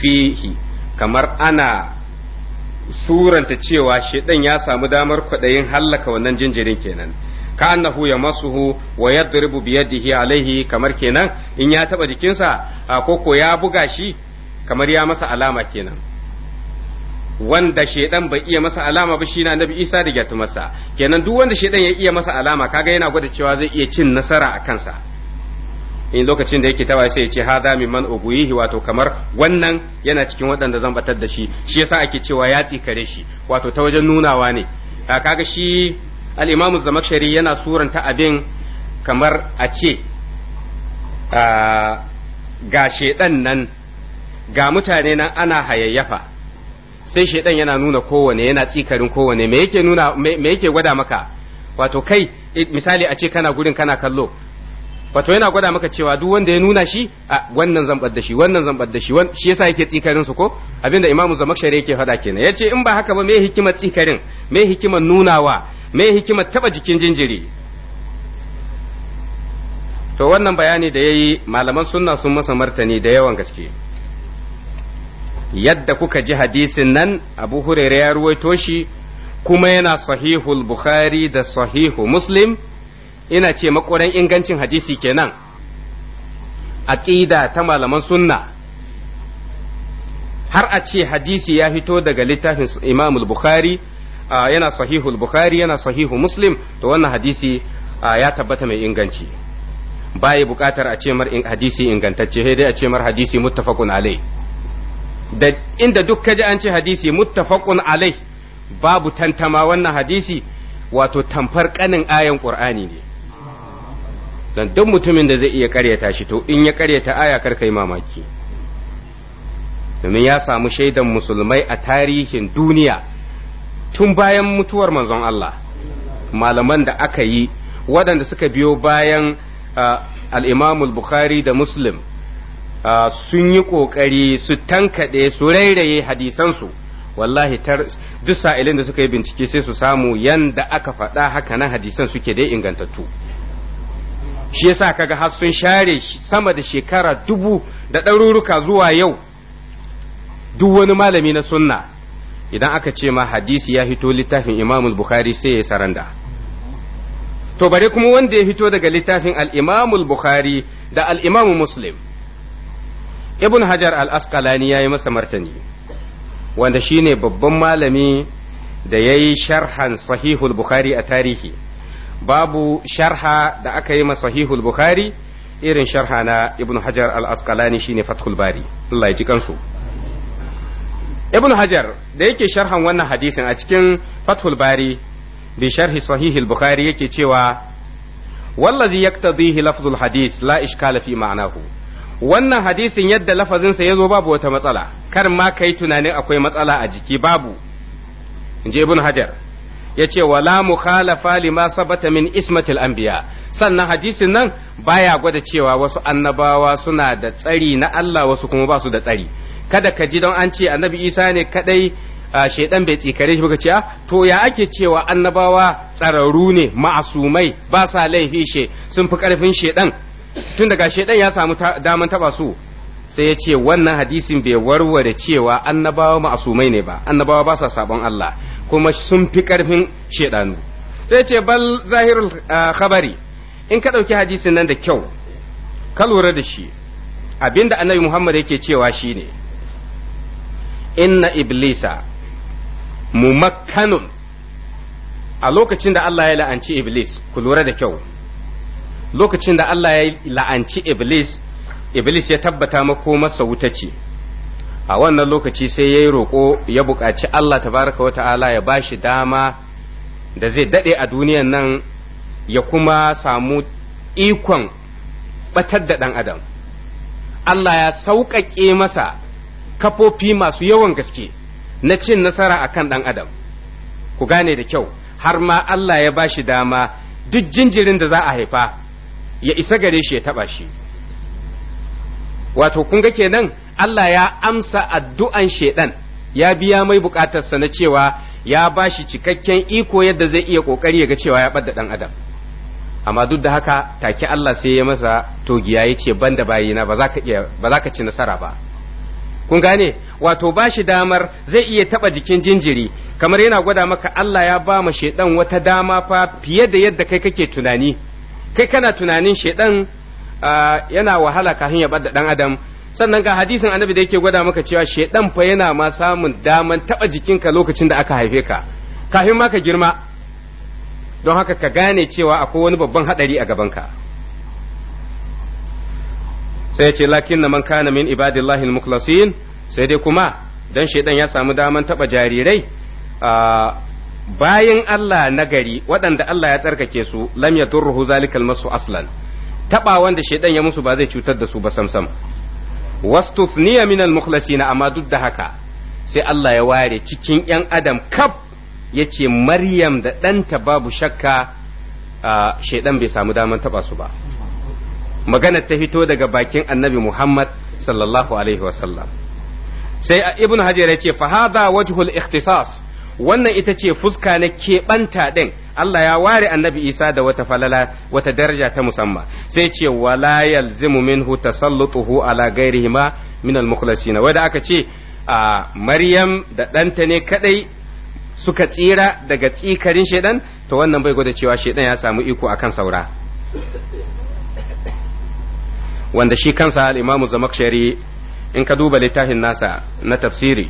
fihi kamar ana suranta cewa shaidan ya samu damar kwaɗayin hallaka wannan jinjirin kenan ka annahu ya masuhu wa yadribu bi yadihi alaihi kamar kenan in ya taba jikinsa ko ko ya buga shi kamar ya masa alama kenan wanda shedan bai iya masa alama ba shi na annabi isa da masa kenan duk wanda shedan ya iya masa alama kaga yana gwada cewa zai iya cin nasara a kansa in lokacin da yake tawa sai ya ce min man uguyihi wato kamar wannan yana cikin waɗanda zan batar da shi shi yasa ake cewa ya tsikare shi wato ta wajen nunawa ne kaga shi al-imam zamakshari yana suranta abin kamar a ce ah, ga shedan nan ga mutane nan ana hayayyafa sai shaidan yana nuna kowane yana tsikarin kowane me yake nuna me yake gwada maka wato kai misali a ce kana gurin kana kallo wato yana gwada maka cewa duk wanda ya nuna shi a wannan zan da shi wannan zan da shi shi yasa yake tsikarin su ko abinda imamu zamakshari yake faɗa kenan yace in ba haka ba me hikimar tsikarin me hikimar nunawa me hikimar taba jikin jinjiri to wannan bayani da yayi malaman sunna sun masa martani da yawan gaske yadda kuka ji hadisin nan abu huraira ya ruwaito shi kuma yana sahihul bukhari da sahihu muslim ina ce makoran ingancin hadisi kenan aqida ta malaman sunna har a ce hadisi ya fito daga littafin imamul bukhari yana sahihul bukhari yana sahihu muslim to wannan hadisi ya tabbata mai inganci baya bukatar a ce mar hadisi ingantacce sai dai a ce mar hadisi muttafaqun alai da inda duk kaji an ce hadisi muttafaqun alai babu tantama wannan hadisi wato tamfar kanin ayan qur'ani ne dan duk mutumin da zai iya karyata shi to in ya karyata aya kar kai mamaki domin ya samu shaidan musulmai a tarihin duniya tun bayan mutuwar manzon Allah malaman da aka yi waɗanda suka biyo bayan ah, al-Imam bukhari da Muslim sun yi ƙoƙari su tankaɗe su rairaye hadisansu wallahi duk sa'ilin da suka yi bincike sai su samu yanda aka faɗa haka na hadisan suke dai ingantattu shi yasa kaga har sun share sama da shekara dubu da ɗaruruka zuwa yau duk wani malami na sunna idan aka ce ma hadisi ya hito littafin imamul bukhari sai ya saranda to bare kuma wanda ya hito daga littafin al-imamul bukhari da al-imamu muslim ibn hajar al-asqalani ya yi masa martani wanda shine babban malami da ya yi sharhan sahihul bukhari a tarihi babu sharha da aka yi masa sahihul bukhari irin sharha na ibn hajar al-asqalani shine fathul bari Allah ya ji kansu ibn hajar da yake sharhan wannan hadisin a cikin fathul bari bi sharhi sahihul bukhari yake cewa wallazi yaqtadihi lafzul hadis la ishkala fi ma'nahu wannan hadisin yadda lafazinsa ya zo babu wata matsala kar ma kai tunanin akwai matsala a jiki babu in je ibn hajar ya ce wala mukhalafa lima sabata min ismatil anbiya sannan hadisin nan baya gwada cewa wasu annabawa suna da tsari na Allah wasu kuma ba su da tsari kada ka ji don an ce annabi Isa ne kadai shedan bai tsikare shi ba ce ah, to ya ake cewa annabawa tsararru ne ma'asumai ba sa laifi she sun fi karfin shedan tun daga shedan ya samu daman taba su sai ya ce wannan hadisin bai warware cewa annabawa ma'asumai ne ba annabawa ba sa sabon Allah kuma sun fi karfin shedanu sai ce bal zahirul ah, khabari in ka ɗauki hadisin nan da kyau ka lura da shi abinda annabi Muhammad yake cewa shine inna iblisa mumakkanun a lokacin da Allah ya la'anci iblis ku lura da kyau lokacin da Allah ya la'anci Iblis, Iblis ya tabbata masa wuta ce, a wannan lokaci sai ya yi roƙo ya buƙaci Allah tabaraka wa ta'ala ya bashi dama da zai daɗe a duniyan nan ya kuma samu ikon batar da ɗan adam. Allah ya sauƙaƙe masa kafofi masu yawan gaske na cin nasara a kan ɗan adam. Ku gane da kyau, har ma Allah ya ba shi dama duk jinjirin da za a haifa ya isa gare shi ya taba shi wato kun ga kenan Allah ya amsa addu'an shedan ya biya mai bukatarsa na cewa ya ba shi cikakken iko yadda zai iya kokari ya ga cewa ya bada ɗan adam amma duk da haka take Allah sai ya masa togiya ya ce banda na ba za ka ci nasara ba kun gane wato ba shi damar zai iya taɓa jikin jinjiri kamar yana gwada maka Allah ya ba ma shedan wata dama fa fiye da yadda kai kake tunani kai kana tunanin shaidan yana wahala kafin ya bada dan adam sannan ga hadisin annabi da yake gwada maka cewa shaidan fa yana ma samun daman taba jikinka lokacin da aka haife ka kafin ma ka girma don haka ka gane cewa akwai wani babban hadari a gabanka sai ya ce lakin man kana min ibadillahi al sai dai kuma dan shaidan ya samu daman taba jarirai Bayan Allah na gari waɗanda Allah ya tsarkake su lam yaturruhu zalikal masu aslan taba wanda shaidan ya musu ba zai cutar da su ba samsam wastufniya minal mukhlasina amma duk da haka sai Allah ya ware cikin yan adam kaf yace Maryam da ɗanta babu shakka shaidan bai samu daman taba su ba maganar ta fito daga bakin annabi Muhammad sallallahu alaihi wasallam sai ibnu hajar ya ce fa hadha wajhul ikhtisas wannan ita ce fuska na keɓanta ɗin Allah ya ware annabi Isa da wata falala wata daraja ta musamman sai ce wala yalzimu minhu tasallutuhu ala ghairihima min al wanda aka ce a Maryam da ɗanta ne kadai suka tsira daga tsikarin shedan to wannan bai gwada cewa shedan ya samu iko akan saura wanda shi kansa al-Imam Zamakshari in ka duba littafin nasa na tafsiri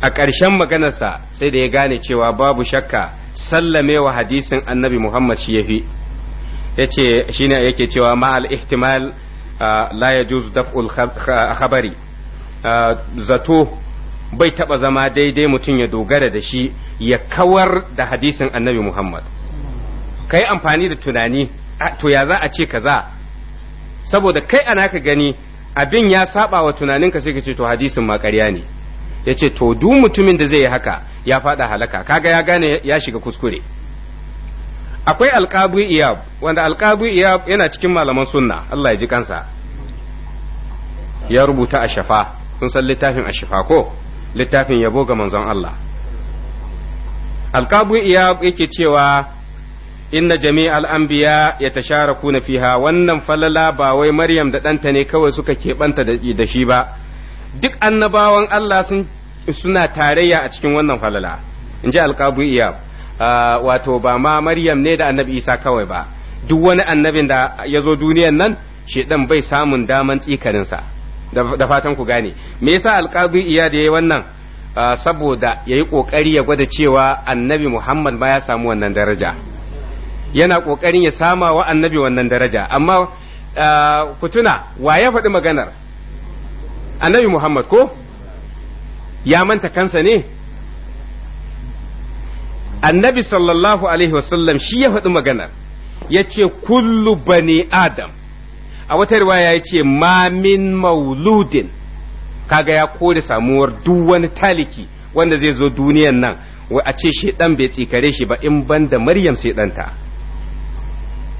a ƙarshen maganarsa sai da ya gane cewa babu shakka sallamewa hadisin annabi Muhammad shi ya ce yace ne yake cewa ma'al ihtimal la yajuz daf'ul khabari zato bai taɓa zama daidai mutum ya dogara da shi ya kawar da hadisin annabi Muhammad kai amfani da tunani to ya za a ce kaza saboda kai ana ka gani abin ya saba wa tunaninka sai ka ce to hadisin ma ƙarya ne ya ce to duk mutumin da zai yi haka ya fada halaka kaga ya gane ya shiga kuskure akwai alƙabu iyab wanda alƙabu iyab yana cikin malaman sunna Allah ya ji kansa ya rubuta a shafa kun san littafin a shafa ko littafin yabo ga manzon Allah alƙabu iyab yake cewa inna jami'al anbiya yatasharakuna fiha wannan falala ba wai maryam da ɗanta ne kawai suka keɓanta da shi ba duk annabawan Allah suna tarayya a cikin wannan falala in ji alkabu iya ah, wato ba ma maryam ne da annabi isa kawai ba duk wani annabin da ya zo duniyan nan shedan bai samun daman tsikarinsa da fatan ku gane me yasa alkabu iya da yayi wannan ah, saboda yayi kokari ya gwada cewa annabi muhammad ba ya samu wannan daraja yana kokarin ya sama wa annabi wannan daraja amma ah, ku tuna wa ya faɗi maganar annabi Muhammad ko ya manta kansa ne annabi sallallahu alaihi wasallam shi ya faɗi magana ya ce kullu bani adam a wata riwaya ya ce mamin mauludin kaga ya kore samuwar duk wani taliki wanda zai zo duniyar nan wai a ce dan bai tsikare shi ba in banda maryam sai ta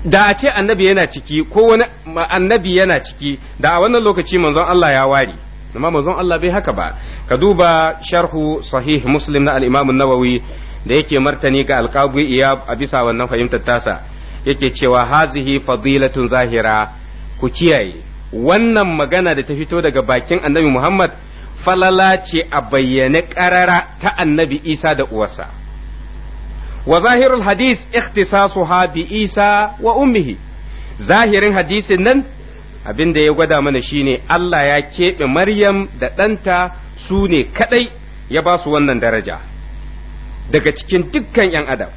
da a ce annabi yana ciki ko wani annabi yana ciki da a wannan lokaci manzon Allah ya ware amma manzon Allah bai haka ba ka duba sharhu sahih muslim na al-imam an-nawawi da yake martani ga alqabi iyab a bisa wannan fahimtar tasa yake cewa hazihi fadilatun zahira ku kiyaye wannan magana da ta fito daga bakin annabi Muhammad falala ce a bayyane karara ta annabi Isa da uwarsa wa zahirul hadis ikhtisasuha bi Isa wa ummihi zahirin hadisin nan abin da ya gwada mana shine Allah ya keɓe Maryam da ɗanta su ne kaɗai ya ba su wannan daraja daga cikin dukkan ‘yan adam.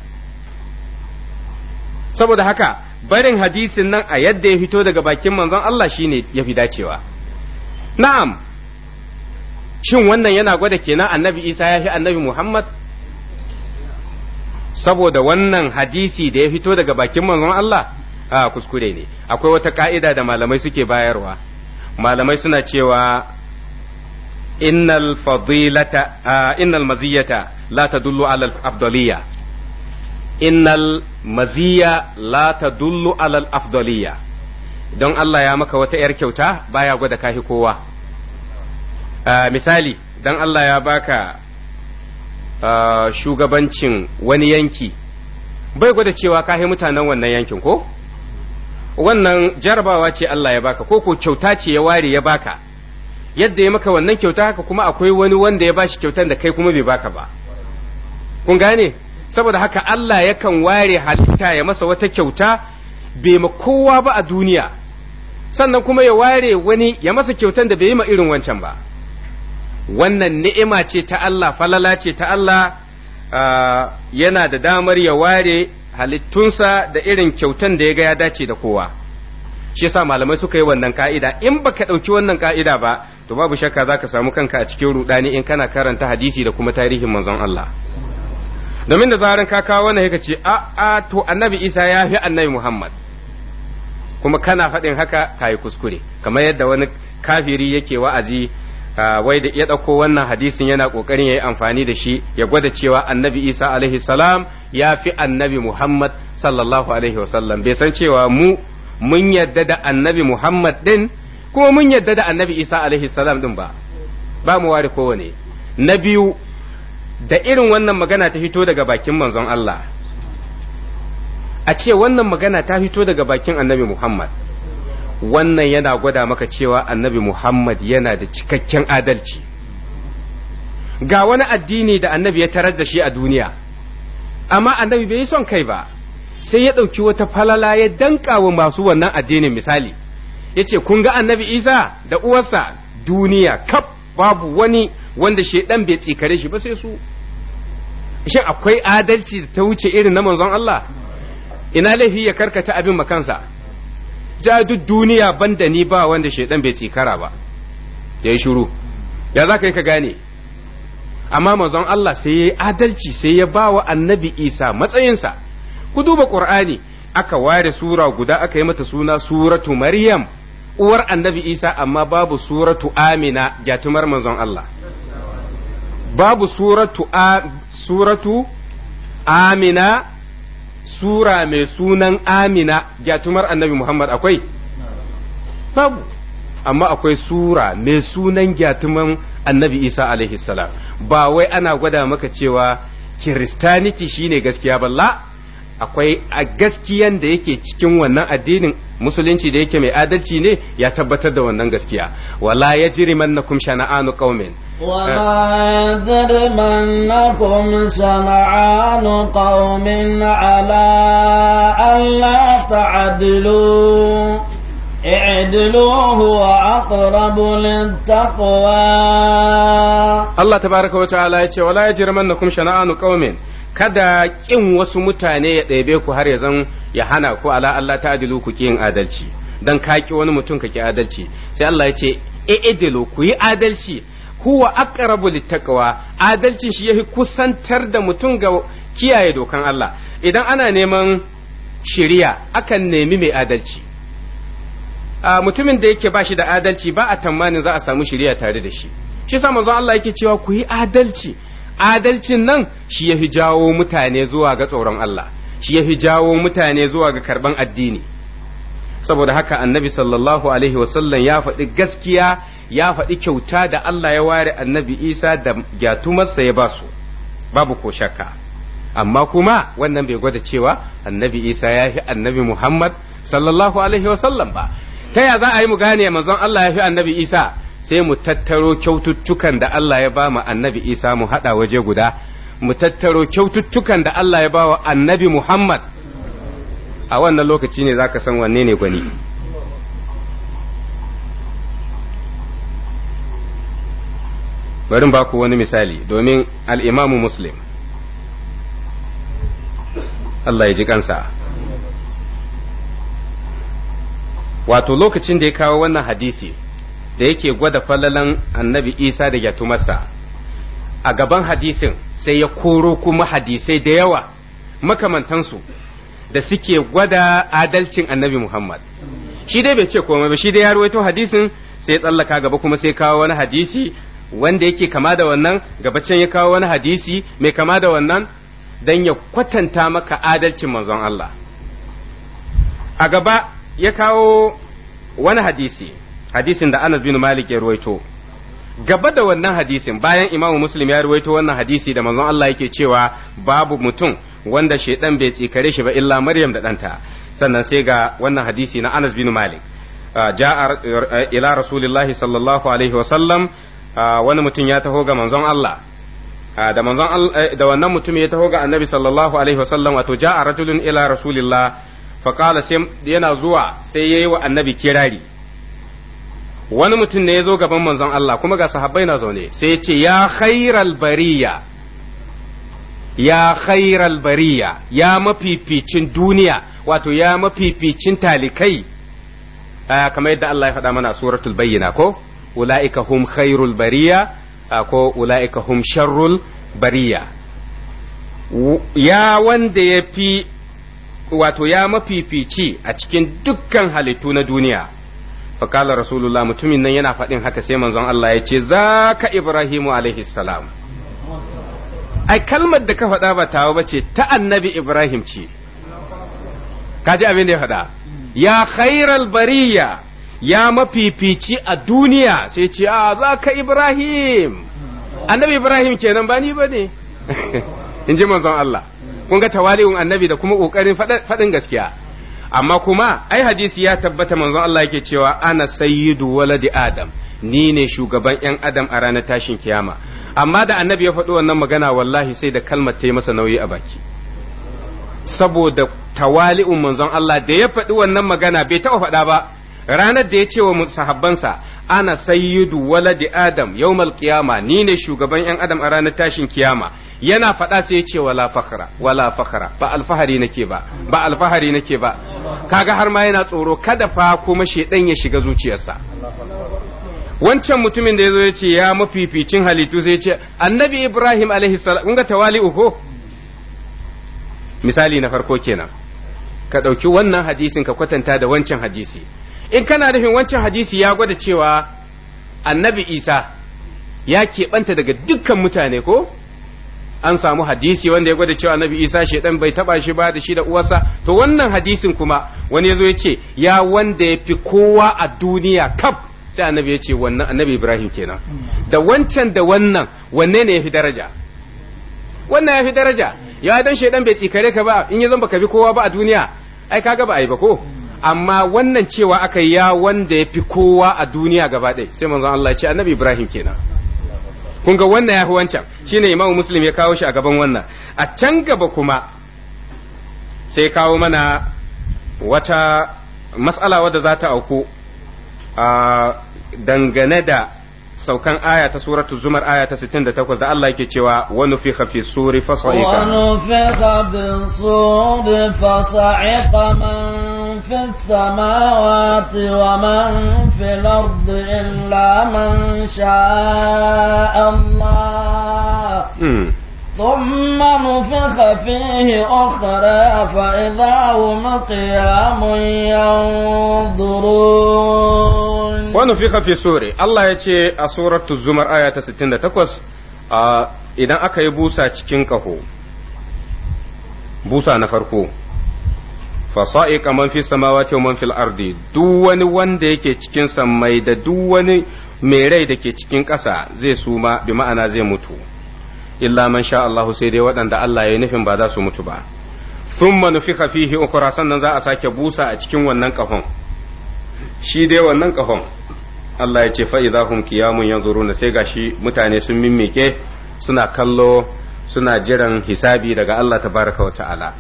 Saboda haka barin hadisin nan a yadda ya fito daga bakin manzon Allah shine ya fi dacewa. Na'am, shin wannan yana gwada kenan annabi Isa ya fi annabi Muhammad? Saboda wannan hadisi da ya fito daga bakin manzon Allah. a kuskure ne akwai wata ka'ida da malamai suke bayarwa malamai suna cewa innal fadilata innal maziyata la tadullu ala al-afdaliyya innal maziya la tadullu ala al-afdaliyya don Allah ya maka wata yar kyauta baya gwada kahi kowa misali don Allah ya baka shugabancin wani yanki bai gwada cewa kahi mutanen wannan yankin ko wannan jarabawa ce Allah ya baka ko ko kyauta ce ya ware ya baka yadda ya maka wannan kyauta haka kuma akwai wani wanda ya bashi kyautan da kai kuma bai baka ba kun gane saboda haka Allah yakan ware halitta ya masa wata kyauta bai ma kowa ba a duniya sannan kuma ya ware wani ya masa kyautan da bai yi ma irin wancan ba wannan ni'ima ce ta Allah falala ce ta Allah ah, yana da damar ya ware halittunsa da irin kyautan da ya ga ya dace da kowa shi yasa malamai suka yi wannan ka'ida in baka ɗauki wannan ka'ida ba to babu shakka ka samu kanka a cikin rudani in kana karanta hadisi da kuma tarihin manzon Allah domin da zaran ka kawo wannan yake ce a a to annabi Isa ya fi annabi Muhammad kuma kana faɗin haka kayi kuskure kamar yadda wani kafiri yake wa'azi wai da ya ɗauko wannan hadisin yana ƙoƙarin ya yi amfani da shi ya gwada cewa annabi Isa alaihi salam ya fi annabi Muhammad sallallahu alaihi wasallam bai san cewa mu mun yadda da annabi Muhammad din kuma mun yadda da annabi Isa alaihi salam din ba ba mu ware kowane na biyu da irin wannan magana ta fito daga bakin manzon Allah a ce wannan magana ta fito daga bakin annabi Muhammad wannan yana gwada maka cewa annabi Muhammad yana da cikakken adalci ga wani addini da annabi ya tarar da shi a duniya amma annabi bai yi son kai ba sai ya ɗauki wata falala ya danka wa masu wannan addinin misali ya ce kun ga annabi isa da uwarsa duniya kaf babu wani wanda shaidan bai tsikare shi ba sai su shi akwai adalci da ta wuce irin na manzon Allah ina laifi ya karkata abin makansa ja duk duniya banda ni ba wanda shaidan bai tsikara ba ya yi shiru ya za ka yi ka gane amma manzon Allah sai ya yi adalci sai ya ba wa annabi Isa matsayinsa ku duba Qur'ani aka ware sura guda aka yi mata suna suratu Maryam uwar annabi Isa amma babu suratu Amina gyatumar manzon Allah babu suratu a, suratu Amina sura mai sunan Amina gyatumar annabi Muhammad akwai babu amma akwai sura mai sunan gyatuman annabi isa alaihi salam ba wai ana gwada maka cewa kiristaniti shine gaskiya balla akwai a gaskiyan da yake cikin wannan addinin musulunci da yake mai adalci ne ya tabbatar da wannan gaskiya wala ya jiri mannakum shana'anu qaumin ولا اعدلوه وأقرب للتقوى الله تبارك وتعالى يتي ولا يجرمنكم شنآن قوم kada ƙin wasu mutane ya ɗebe ku har ya zan ya hana ku ala Allah ta adilu ku ki yin adalci dan ka ki wani mutum ka ki adalci sai Allah ya ce i'dilu ku yi adalci huwa aqrabu littaqwa adalcin shi yafi kusantar da mutum ga kiyaye dokan Allah idan ana neman shari'a akan nemi mai adalci mutumin da yake bashi da adalci ba a tamanin za a samu shari'a tare da shi shi sa manzon Allah yake cewa ku yi adalci adalcin nan shi yafi jawo mutane zuwa ga tsoron Allah shi yafi jawo mutane zuwa ga karban addini saboda haka annabi sallallahu alaihi wasallam ya faɗi gaskiya ya faɗi kyauta da Allah ya ware annabi Isa da gyatumarsa ya ba su babu ko shakka amma kuma wannan bai gwada cewa annabi Isa ya fi annabi Muhammad sallallahu alaihi wasallam ba ta ya za a yi mu gane manzon Allah ya fi annabi Isa sai mu tattaro kyaututtukan da Allah ya ba mu annabi Isa mu haɗa waje guda mu tattaro kyaututtukan da Allah ya ba wa annabi Muhammad a wannan lokaci ne za ka san wanne ne gwani bari ba ku wani misali domin al'imamu muslim Allah ya ji kansa wato lokacin da ya kawo wannan hadisi da yake gwada falalan annabi isa da yatumarsa a gaban hadisin sai ya koro kuma hadisai da yawa makamantansu da suke gwada adalcin annabi muhammad shi dai bai ce komai ba shi dai ya ruwaito hadisin sai tsallaka gaba kuma sai kawo wani hadisi wanda yake kama da wannan gabacin ya kawo wani hadisi mai kama da wannan don ya kwatanta maka adalcin manzon Allah a gaba ya kawo wani hadisi hadisin da Anas bin Malik ya ruwaito gaba da wannan hadisin bayan Imam Muslim ya ruwaito wannan hadisi da manzon Allah yake cewa babu mutum wanda shaidan bai tsikare shi ba illa Maryam da ɗanta sannan sai ga wannan hadisi na Anas bin Malik ja'a ila rasulillahi sallallahu alaihi wa sallam wani mutum ya taho ga manzon Allah da manzon eh, da wannan mutum ya taho ga annabi sallallahu alaihi wa sallam wato ja'a rajulun ila rasulillah faƙala sai yana zuwa sai ya yi wa annabi kirari wani mutum ne ya zo gaban manzon Allah kuma ga sahabbai na zaune sai ya ce ya khairal bariya ya khairal bariya ya mafificin duniya wato ya mafificin talikai ah, kamar yadda Allah ya faɗa mana suratul bayyana ko ula'ika hum khairul bariya ah, ko ula'ika hum sharrul bariya ya wanda ya fi wato ya mafifici a cikin dukkan halittu na duniya faƙalar rasulullah mutumin nan yana faɗin haka sai manzon Allah ya ce za ka ibrahimu alaihi salam ai kalmar da ka faɗa ba tawa ba ce ta annabi ibrahim ce kaji abin da ya faɗa ya khairal bariya ya mafifici a duniya sai ce a za ka ibrahim annabi ibrahim kenan ba ni ba ne in ji manzon Allah kun ga tawali'un annabi da kuma kokarin faɗin gaskiya amma kuma ai hadisi ya tabbata manzon Allah yake cewa ana sayyidu waladi adam ni ne shugaban yan adam a ranar tashin kiyama amma da annabi ya faɗi wannan magana wallahi sai da kalmar ta yi masa nauyi a baki saboda tawali'un manzon Allah da ya faɗi wannan magana bai taɓa faɗa ba ranar da ya ce wa sahabbansa ana sayyidu waladi adam yawmal qiyama ni ne shugaban yan adam a ranar tashin kiyama yana faɗa sai ya ce wala fakhra wala fakhra ba alfahari nake ba ba alfahari nake ba kaga har ma yana tsoro kada fa kuma shedan ya shiga zuciyarsa wancan mutumin da yazo ya ce ya mafificin halittu sai ya ce annabi ibrahim alaihi salam kun ga tawali'u ko misali na farko kenan ka ɗauki wannan hadisin ka kwatanta da wancan hadisi in kana nufin wancan hadisi ya gwada cewa annabi isa ya keɓanta daga dukkan mutane ko an samu hadisi wanda ya gwada cewa Nabi isa shedan bai taba shi ba da shi da uwarsa to wannan hadisin kuma wani yazo ya ce ya wanda ya fi kowa a duniya kaf sai annabi ya ce wannan annabi ibrahim kenan da wancan da wannan wanne ne ya fi daraja wannan ya fi daraja ya dan shedan bai tsikare ka ba in ya zan baka bi kowa ba a duniya ai kaga ba ai ba ko amma wannan cewa aka ya wanda ya fi kowa a duniya gaba ɗaya sai manzon Allah ya ce annabi ibrahim kenan kun ga wannan yafi wancan shine imamu muslim ya kawo shi a gaban wannan a can gaba kuma sai kawo mana wata matsala wadda za ta auku ah, dangane da saukan aya ta suratu zumar aya ta 68 da Allah yake cewa wa nufiha fi suri fasaiqa wa nufiha bi suri fasaiqa man fi samawati wa man fi al-ard illa man sha'a Allah hmm. ثم نفخ فيه أخرى فإذا هم قيام ينظرون ونفخ في سوري الله يتي سورة الزمر آية 68 idan aka yi busa cikin ƙaho busa na farko fasa'iqa man fi samawati wa man fil ardi duk wani wanda yake cikin sammai da duk wani mai rai da ke cikin ƙasa zai suma bi ma'ana zai mutu illa man sha Allahu sai dai waɗanda Allah ya nufin ba za su mutu ba thumma nufika fihi ukhra sannan za a sake busa a cikin wannan kahon shi dai wannan kahon Allah ya ce fa kiyamun qiyamun yanzuruna sai gashi mutane sun mimmike suna kallo suna jiran hisabi daga Allah tabaraka wa ta'ala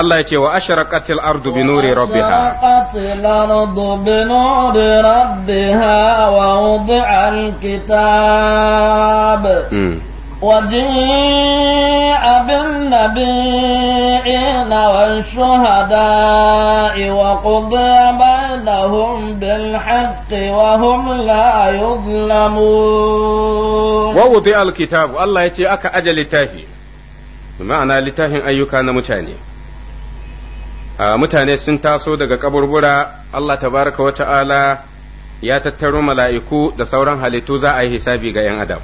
الله ya وأشرقت الأرض بنور ربها وأشرقت الأرض بنور ربها ووضع الكتاب وجيء بالنبيين والشهداء وقضي بينهم بالحق وهم لا يظلمون ووضع الكتاب الله يتي أكا أجل تاهي بمعنى لتاهي أيوكا نمتاني mutane sun taso daga kaburbura Allah tabaraka wa ta'ala ya tattaro mala'iku da sauran halittu za a yi hisabi ga ‘yan adam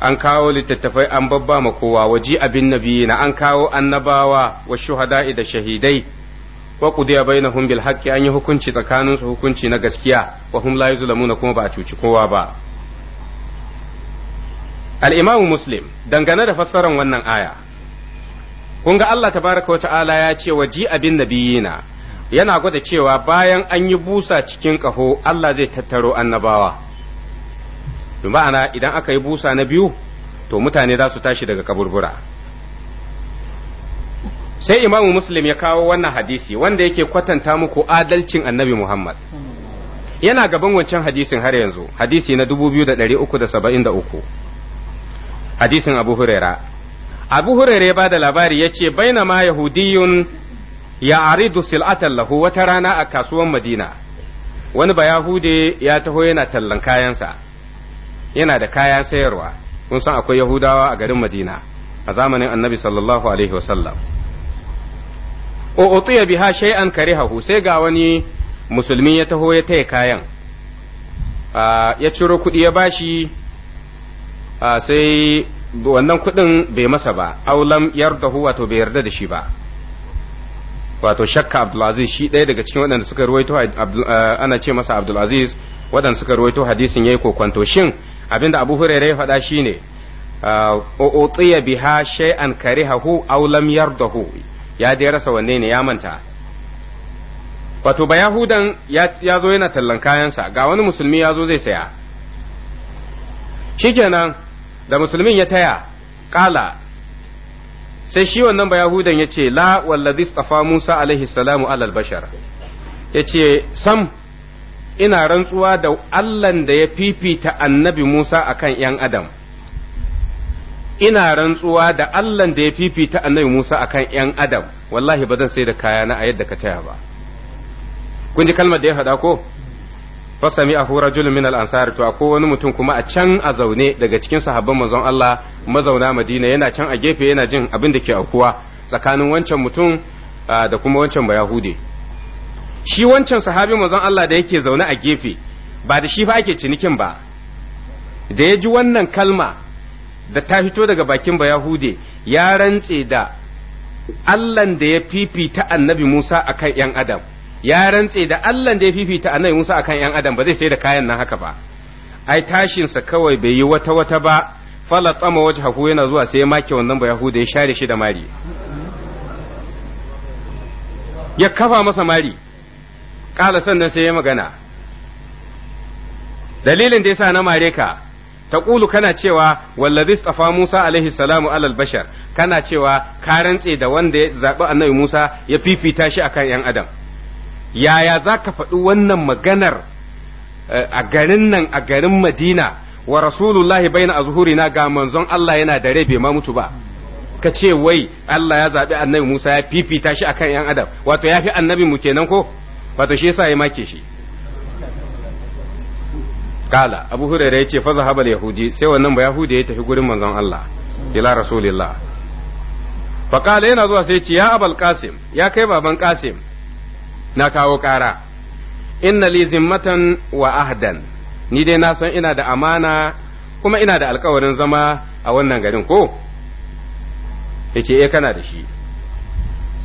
an kawo littattafai an babba ma kowa waji abin nabiyi na an kawo annabawa wa shuhada'i da shahidai wa qudiya bainahum bil haqqi an yi hukunci tsakaninsu hukunci na gaskiya wa hum la yuzlamuna kuma ba a cuci kowa ba al-imamu muslim dangane da fassarar wannan aya kun ga Allah tabaraka wa ta'ala ya ce wa ji abin nabiyina yana gwada cewa bayan an yi busa cikin kaho Allah zai tattaro annabawa bi ma'ana idan aka yi busa na biyu to mutane za su tashi daga kaburbura sai imamu muslim ya kawo wannan hadisi wanda yake kwatanta muku adalcin annabi muhammad yana gaban wancan hadisin har yanzu hadisi na 2373 hadisin abu huraira abu hurere ba da labari ya ce bainama yahudiyun ya aridu sil'atan lahu wata rana a kasuwan madina wani bayahude ya taho yana tallan kayansa yana da kayan sayarwa kun san akwai yahudawa a garin madina a zamanin annabi sallallahu alaihi wasallam u'tiya biha shay'an karihahu sai ga wani musulmi ya taho ya taya kayan ah, ya ciro kuɗi ya bashi ah, sai wannan kuɗin bai masa ba aulam hu wato bai yarda da shi ba wato shakka abdulaziz shi ɗaya daga cikin waɗanda suka ruwaito eh, ana ce masa abdulaziz waɗanda suka ruwaito hadisin yayi kokwanto shin abinda abu hurairah ya faɗa shine eh, utiya biha shay'an karihahu aulam yarda hu ya dai rasa wanne ne ya manta wato ba yahudan ya zo yana tallan kayansa ga wani musulmi ya zo zai saya shi kenan da musulmin ya taya kala sai shi wannan bayahudan ya ce la wallazi tsafa musa alaihi salamu alal bashar ya ce sam ina rantsuwa da allan da ya fifita annabi musa akan ‘yan adam ina rantsuwa da allan da ya fifita annabi musa akan ‘yan adam wallahi ba zan sai da kayana a yadda ka taya ba kun ji kalmar da ya faɗa ko fasami a hura min al-ansari to akwai wani mutum kuma a can a zaune daga cikin sahabban manzon Allah mazauna Madina yana can a gefe yana jin abin da ke aukuwa tsakanin wancan mutum da kuma wancan bayahude shi wancan sahabi manzon Allah da yake zaune a gefe ba da shi fa ake cinikin ba da ya ji wannan kalma da ta fito daga bakin bayahude ya rantse da Allahn da ya fifita annabi Musa akan ‘yan Adam’. ya rantse da Allah da ya fifita annabi Musa akan ‘yan adam ba zai sai da kayan nan haka ba, ai tashin sa kawai bai yi wata wata ba, fala tsama waje haku yana zuwa sai ya make wannan ba Yahuda ya share shi da mari. Ya kafa masa mari, kala sannan sai ya magana. Dalilin da yasa na mare ka, Kulu kana cewa wallazi tsafa Musa alaihi salamu alal bashar kana cewa ka rantse da wanda ya zabi annabi Musa ya fifita shi akan ‘yan adam. yaya za ka faɗi wannan maganar eh, a garin nan a garin madina wa rasulullahi bai na na ga manzon Allah yana da rai bai ma mutu ba ka ce wai Allah ya zaɓi annabi Musa ya fifita shi akan ‘yan adam wato ya fi annabi mu kenan ko wato shi yasa ya make shi kala abu hurairah yace faza zahaba yahudi sai wannan ba yahudi ya tafi gurin manzon Allah ila rasulillah fa kala yana zuwa sai ya ce ya abal qasim ya kai baban qasim na kawo ƙara inna li zimmatan wa ahdan ni dai na san ina da amana kuma ina da alkawarin zama a wannan garin ko yace eh kana da shi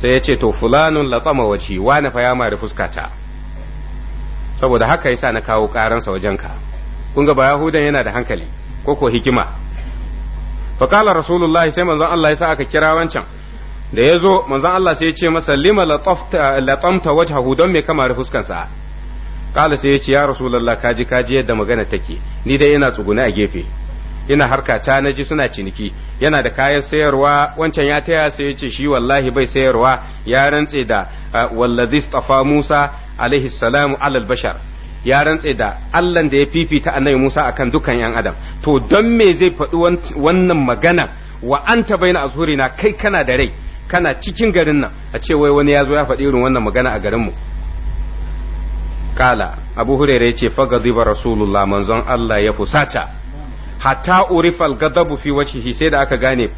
sai ya ce to fulanun latsama wace wani fa ya mari fuskata saboda haka yasa na kawo ƙaransa wajenka kun ga ba yahudan yana da hankali ko ko hikima fa kala rasulullahi sai manzon Allah yasa aka kira wancan da ya zo manzon Allah sai ya ce masa lima latamta wajhahu don mai kama da fuskansa kala sai ya ce ya rasulullah kaji kaji yadda magana take ni dai ina tsuguna a gefe ina harka ta naji suna ciniki yana da kayan sayarwa wancan ya taya sai ya ce shi wallahi bai sayarwa ya rantse da wallazi tsafa Musa alaihi salamu alal bashar ya rantse da allan da ya fifita a annabi Musa akan dukan yan adam to don me zai faɗi wannan magana wa anta baina azhurina kai kana da rai kana cikin garin nan a ce wai wani ya zo ya faɗi irin wannan magana a garinmu kala abu hurairu ya ce fagadiba rasulullah manzon Allah ya fusata hatta urifal gadabu fi wajhihi sai da aka gane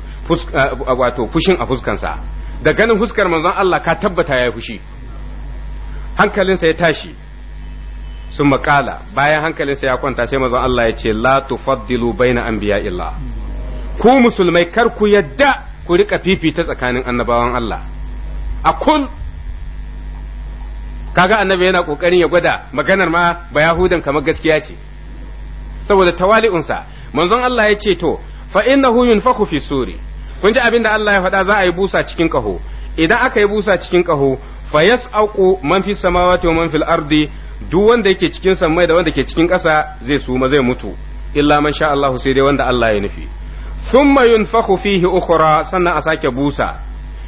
wato fushin a fuskansa da ganin fuskar manzon Allah ka tabbata ya fushi hankalinsa ya tashi sun makala bayan hankalinsa ya kwanta sai manzon Allah ya ce la tufaddilu baina illa. ku musulmai kar ku yadda ku rika fifita tsakanin annabawan Allah a kun kaga annabi yana kokarin ya gwada maganar ma ba yahudan kamar gaskiya ce saboda tawali'unsa manzon Allah ya ce to fa innahu yunfaku fi suri kun ji abin Allah ya faɗa za a yi busa cikin kaho idan aka yi busa cikin kaho fa yas'aqu man fi samawati wa man fil ardi duk wanda yake cikin sammai da wanda ke cikin ƙasa zai suma zai mutu illa man sha Allah sai dai wanda Allah ya nufi thumma yunfakhu fihi ukhra sannan a sake busa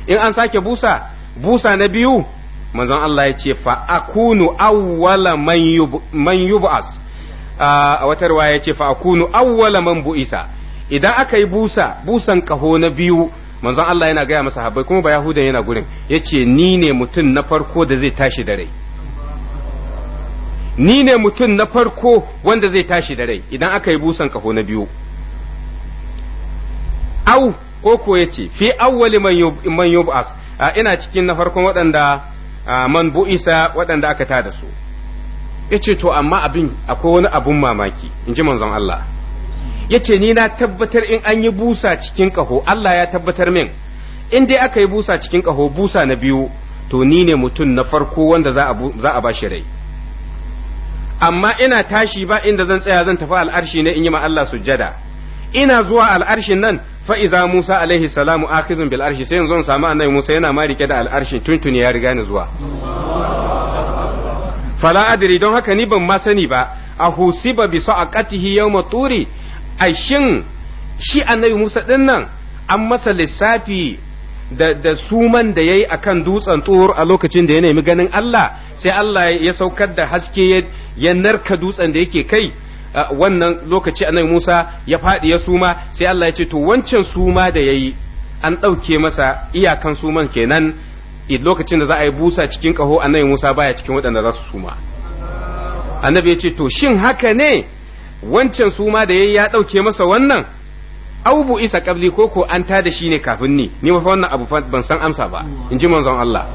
in an sake busa busa na biyu manzon Allah ya ce fa akunu awwala man yub'as a wata riwaya ya ce fa akunu awwala man bu'isa idan aka yi busa busan kaho na biyu manzon Allah yana gaya masa habbai kuma ba yahudan yana gurin yace ni ne mutum na farko da zai tashi da rai ni ne mutum na farko wanda zai tashi da rai idan aka yi busan kaho na biyu au ko ko yace fi awwali man yub'as ina cikin na farkon waɗanda man bu'isa waɗanda aka da su yace to amma abin akwai wani abun mamaki in ji manzon Allah yace ni na tabbatar in an yi busa cikin kaho Allah ya tabbatar min in dai aka yi busa cikin kaho busa na biyu to ni ne mutum na farko wanda za a ba shi rai amma ina tashi ba inda zan tsaya zan tafi al'arshi ne in yi ma Allah sujjada ina zuwa al'arshin nan Fa'iza Musa alaihi salamu akhizun bil arshi sai yanzu in samu annabi Musa yana ma rike da al'arshin tuntuni ya riga ni zuwa fala adri don haka ni ban ma sani ba a husiba a sa'aqatihi yau turi ai shin shi annabi Musa din nan an masa lissafi da, suman da ya yi a kan dutsen tsohor a lokacin da ya nemi ganin Allah sai Allah ya saukar da haske ya narka dutsen da yake kai wannan lokaci annabi Musa ya faɗi ya suma sai Allah ya ce to wancan suma da yayi an ɗauke masa iyakan suman kenan lokacin da za a yi busa cikin ƙaho annabi Musa baya cikin waɗanda za su suma annabi ya ce to shin haka ne wancan suma da yayi ya ɗauke masa wannan Abu bu isa kabli ko ko an da shi ne kafin ni ni fa wannan abu ban san amsa ba in ji manzon Allah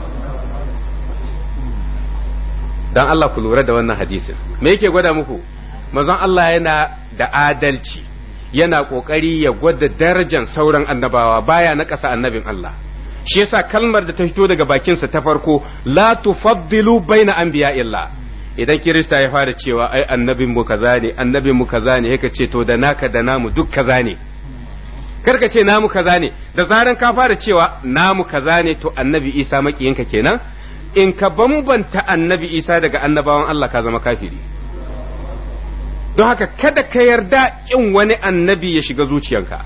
dan Allah ku lura da wannan hadisin me yake gwada muku Mazan Allah yana da adalci yana kokari ya gwada darajar sauran annabawa baya na ƙasa annabin Allah shi yasa kalmar da ta fito daga bakinsa ta farko la tufaddilu baina anbiya illa idan kirista ya fara cewa ai annabin mu kaza ne annabin mu kaza ne yake ce to da naka da namu duk kaza ne karka ce namu kaza ne da zaran ka fara cewa namu kaza ne to annabi isa makiyinka kenan in ka bambanta annabi isa daga annabawan Allah ka zama kafiri don haka kada ka yarda ƙin wani annabi ya shiga zuciyanka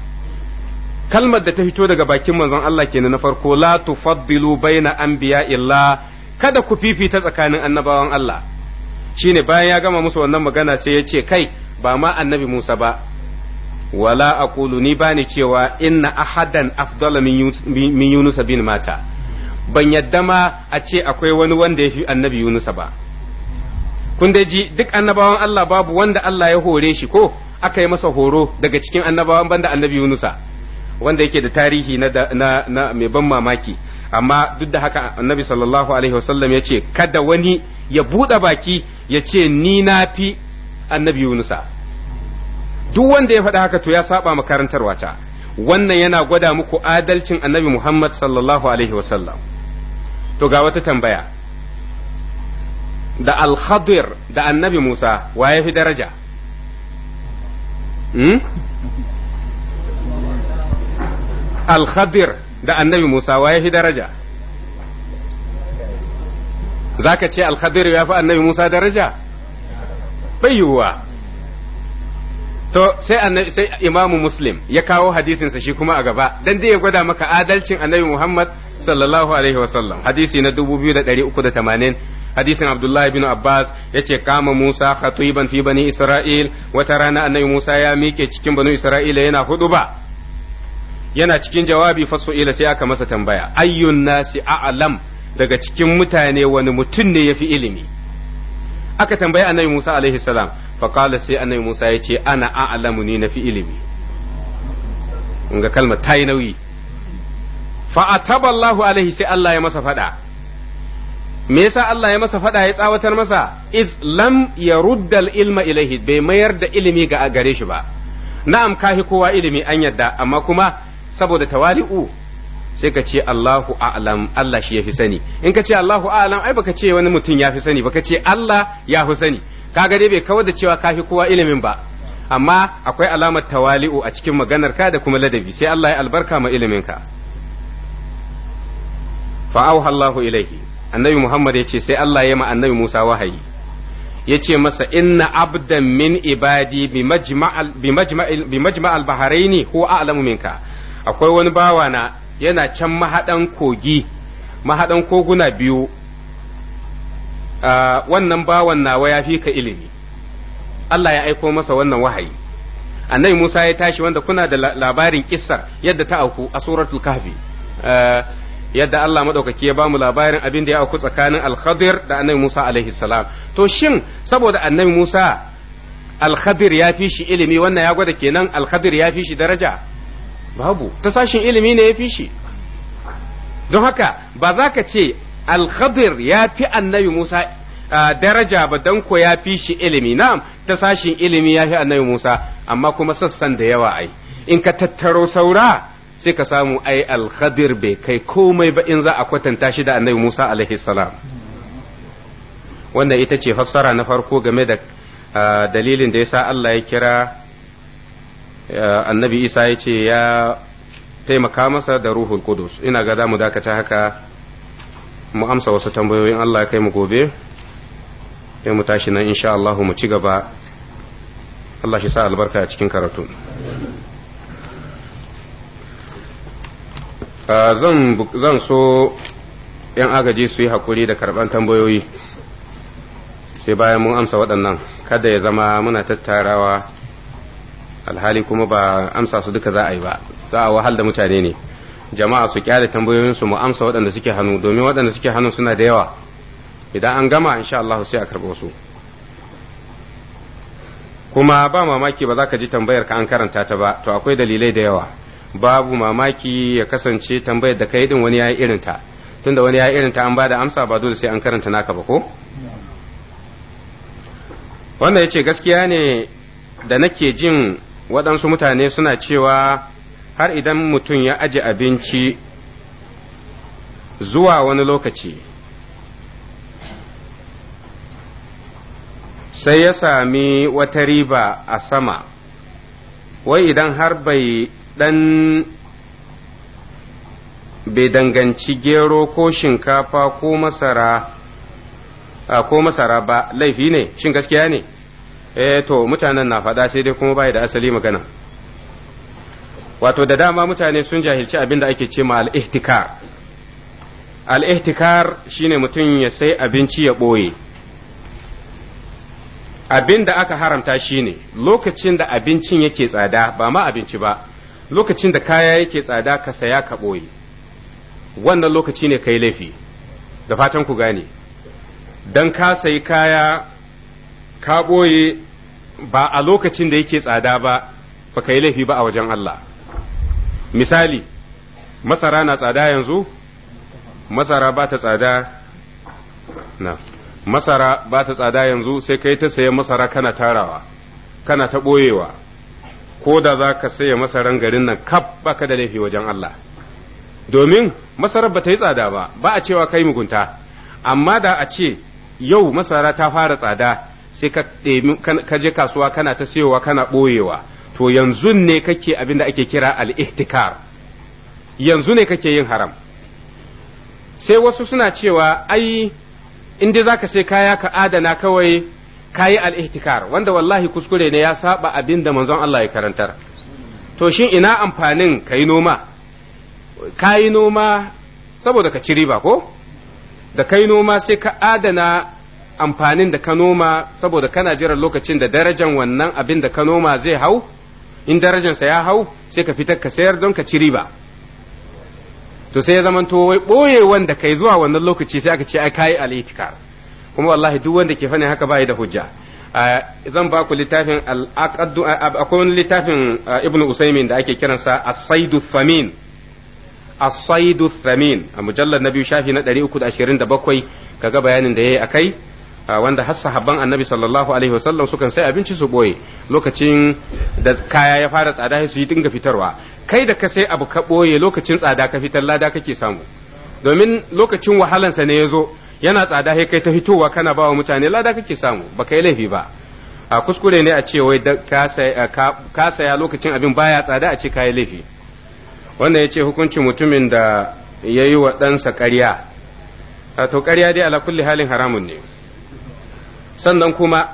kalmar da ta fito daga bakin manzon Allah kenan na farko la tufaddilu baina anbiya illa kada ku fifita tsakanin annabawan Allah shine bayan ya gama musu wannan magana sai ya ce kai ba ma annabi Musa ba wala aqulu ni bani cewa inna ahadan afdala min Yunus bin mata ban yadda ma a ce akwai wani wanda ya fi annabi Yunus ba kun dai ji duk annabawan Allah babu wanda Allah ya hore shi ko aka yi masa horo daga cikin annabawan banda annabi Yunusa wanda yake da tarihi na, na, na mai ban mamaki amma duk da haka annabi sallallahu alaihi wasallam ya ce kada wani ya buɗe baki ya ce ni na fi annabi Yunusa duk wanda ya faɗa haka to ya saba makarantarwa ta wannan yana gwada muku adalcin annabi Muhammad sallallahu alaihi wasallam to ga wata tambaya da al da annabi Musa wa ya fi daraja hmm? al da annabi Musa wa ya fi daraja Za ka ce al ya fi annabi Musa daraja bai yiwuwa to sai imamu muslim ya kawo hadisinsa shi kuma a gaba don dai ya gwada maka adalcin annabi Muhammad sallallahu alaihi wasallam hadisi na 2380 hadisin abdullahi bin abbas ce kama musa khatiban fi bani isra'il wata rana annabi musa ya miƙe cikin bani isra'ila yana huɗu ba yana cikin jawabi fasu'ila sai aka masa tambaya ayyun a'lam daga cikin mutane wani mutum ne fi ilimi aka tambayi annabi musa alaihi salam faqala sai annabi musa yace ana a'lamu ni fi ilimi kun ga kalmar tayi nauyi fa ataballahu alaihi sai Allah ya masa fada me yasa Allah ya masa fada ya tsawatar masa Islam lam yaruddal ilma ilaihi bai mayar da ilimi ga gare shi ba na'am kahi kowa ilimi an yadda amma kuma saboda tawali'u sai ka ce Allahu a'lam Allah shi yafi sani in ka ce Allahu a'lam ai baka ce wani mutum yafi sani baka ce Allah ya fi sani kaga dai bai kawar da cewa kahi kowa ilimin ba amma akwai alamar tawali'u a cikin maganar ka da kuma ladabi sai Allah ya albarka ma ilimin ka fa auha Allahu ilaihi annabi Muhammad ya ce sai Allah ya ma annabi Musa wahayi ya ce masa inna abdan min ibadi bi majma'al baharaini ko a'lamu minka akwai wani bawa na yana can mahadan kogi mahadan koguna biyu wannan bawan nawa ya fi ka ilimi Allah ya aiko masa wannan wahayi annabi Musa ya tashi wanda kuna da labarin kissar yadda ta auku a suratul kahfi yadda Allah madaukaki ya bamu labarin abin da ya auku tsakanin al-Khadir da Annabi Musa alaihi salam to shin saboda Annabi Musa al-Khadir ya fi shi ilimi wannan ya gwada kenan al-Khadir ya fi shi daraja babu ta sashin ilimi ne ya fi shi don haka ba za ka ce al-Khadir ya fi Annabi Musa daraja ba dan ko ya fi shi ilimi na'am ta sashin ilimi ya fi Annabi Musa amma kuma sassan da yawa ai in ka tattaro saura sai ka samu ai alkhadir bai kai komai ba in za a kwatanta shi da annabi Musa alaihi salam wannan ita ce fassara na farko game da dalilin da ya sa Allah ya kira annabi Isa ya ce ya taimaka masa da ruhul kudus ina ga za mu dakata haka mu amsa wasu tambayoyin Allah ya kai mu gobe sai mu tashi nan insha Allah mu ci gaba Allah shi sa albarka a cikin karatu Ah, zan so ‘yan agaji su yi haƙuri da karɓar tambayoyi sai bayan mun amsa waɗannan kada ya zama muna tattarawa alhali kuma ba amsa su duka za a yi ba za a wahal da mutane ne jama'a su kyale tambayoyinsu mu amsa waɗanda suke hannu domin waɗanda suke hannu suna da yawa idan an gama in sha Allah sai a karɓo su kuma ba mamaki ba za ka ji tambayar ka an karanta ta ba to akwai dalilai da yawa babu mamaki ya kasance tambayar da kai din wani ya yi irinta tunda wani ya yi irinta an bada amsa ba dole sai an karanta naka ba ko wannan yace gaskiya ne da nake jin waɗansu mutane suna cewa har idan mutum ya aje abinci zuwa wani lokaci sai ya sami wata riba a sama wai idan har bai ɗan bai danganci gero ko shinkafa ko masara ko masara ba laifi ne shin gaskiya ne eh to mutanen na faɗa sai dai kuma bai da asali magana wato da dama mutane sun jahilci abin da ake ce ma al-ihtikar al-ihtikar shine mutum ya sai abinci ya ɓoye abin da aka haramta shine lokacin da abincin yake tsada ba ma abinci ba lokacin da kaya yake tsada ka saya ka ɓoye wannan lokaci ne ka yi laifi da fatan ku gane don ka sayi kaya ka ɓoye ba a lokacin da yake tsada ba ba ka yi laifi ba a wajen Allah misali masara na tsada yanzu masara ba ta tsada na masara ba ta tsada yanzu sai kai ta sayan masara kana tarawa kana ta ɓoyewa ko da za ka saya masaran garin nan kaf baka da laifi wajen Allah domin masarar ba ta yi tsada ba ba a cewa kai mugunta amma da a ce yau masara ta fara tsada sai ka je kasuwa kana ta sayowa kana ɓoyewa to yanzu ne kake abin da ake kira al'ihtikar yanzu ne kake yin haram sai wasu suna cewa ai in dai zaka sai kaya ka adana kawai kayi al-ihtikar wanda wallahi kuskure ne ya saba abinda manzon Allah ya karantar to shin ina amfanin yi noma yi noma saboda ka ciri ba ko da kai noma sai ka adana amfanin da ka noma saboda kana jiran lokacin da darajan wannan abin da ka noma zai hau in darajansa ya hau sai ka fitar ka sayar don ka ciri ba. to sai ya zamanto wai ɓoye wanda kai zuwa wannan lokaci sai aka ce ai kayi al'itikar kuma wallahi duk wanda ke fane haka bai da hujja zan ba ku littafin al-aqaddu akwai wani littafin ibnu usaymin da ake kiransa as-saidu famin as-saidu famin a mujallar na biyu shafi na 327 kaga bayanin da yayi akai wanda har sahabban annabi sallallahu alaihi wasallam sukan sai abinci su boye lokacin da kaya ya fara tsada su yi dinga fitarwa kai da ka sai abu ka boye lokacin tsada ka fitar lada kake samu domin lokacin wahalansa ne ya zo yana tsada sai kai ta fitowa kana bawa mutane lada kake samu ba kai laifi ba a kuskure ne a ce wai ka saya lokacin abin baya tsada a ce kayi laifi Wanda ya ce hukuncin mutumin da ya yi wa ɗansa ƙarya to ƙarya dai ala kulli halin haramun ne sannan kuma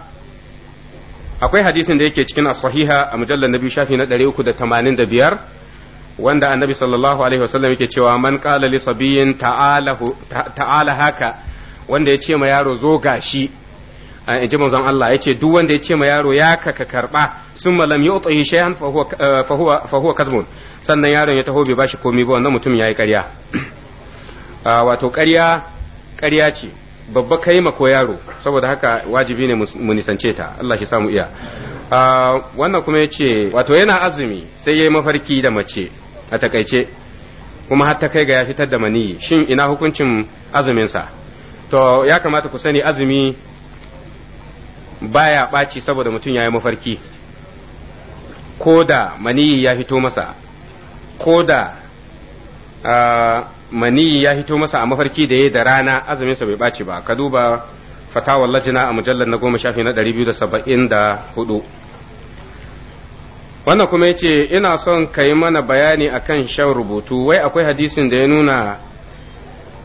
akwai hadisin da yake cikin a sahiha a mujallar na biyu shafi na biyar wanda annabi sallallahu alaihi wasallam yake cewa man qala li sabiyin ta'ala haka wanda ya ce ma yaro zo gashi a inji manzon Allah ya ce duk wanda ya ce ma yaro ya kaka karba sun malam yi utsayi shayan fahuwa eh, kazmun sannan yaron ya taho bai bashi komi ba wannan mutum ya yi karya wato karya karya ce babba kai ma ko yaro saboda haka wajibi ne mu nisance ta Allah shi samu iya wannan kuma ya ce wato yana azumi sai ya yi mafarki da mace a takaice kuma har ta kai ga ya fitar da maniyi shin ina hukuncin azuminsa to ya kamata ku sani azumi baya ɓaci saboda mutum ya yi mafarki ko da maniyi ya fito masa ko da maniyi ya fito masa a mafarki da ya da rana azuminsa bai ɓaci ba ka duba fatawar lajina a mujallar na goma shafi na ɗari biyu da saba'in da hudu wannan kuma ya ce ina son ka yi mana bayani akan shan rubutu wai akwai hadisin da ya nuna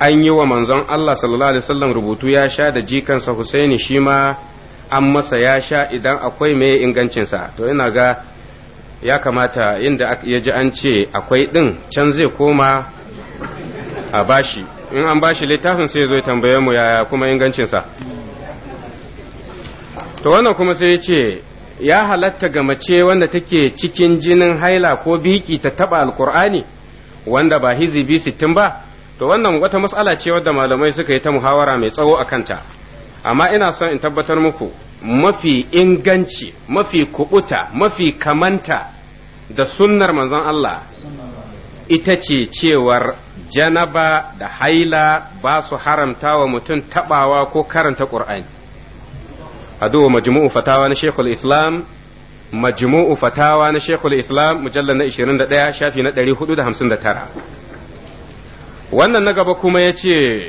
an yi wa manzon Allah sallallahu alaihi wasallam rubutu ya sha da jikansa Husaini shi ma an masa ya sha idan akwai mai ingancinsa to ina ga ya kamata inda ya ji an ce akwai ɗin can zai koma a bashi in an bashi littafin sai zo tambaye mu yaya kuma ingancinsa to wannan kuma sai ya ce ya halatta ga mace wanda take cikin jinin haila ko biki ta taba alkur'ani wanda ba hizibi sittin ba to wannan wata matsala ce wadda malamai suka yi ta muhawara mai tsawo a kanta amma ina son in tabbatar muku mafi inganci mafi kubuta mafi kamanta da sunnar manzon Allah ita ce cewar janaba da haila ba su haramta wa mutum tabawa ko karanta ƙur'ani hadu majmu'u fatawa na shekul islam majmu'u fatawa na shekul islam mujallar na 21 shafi na 459 wannan na gaba kuma ya ce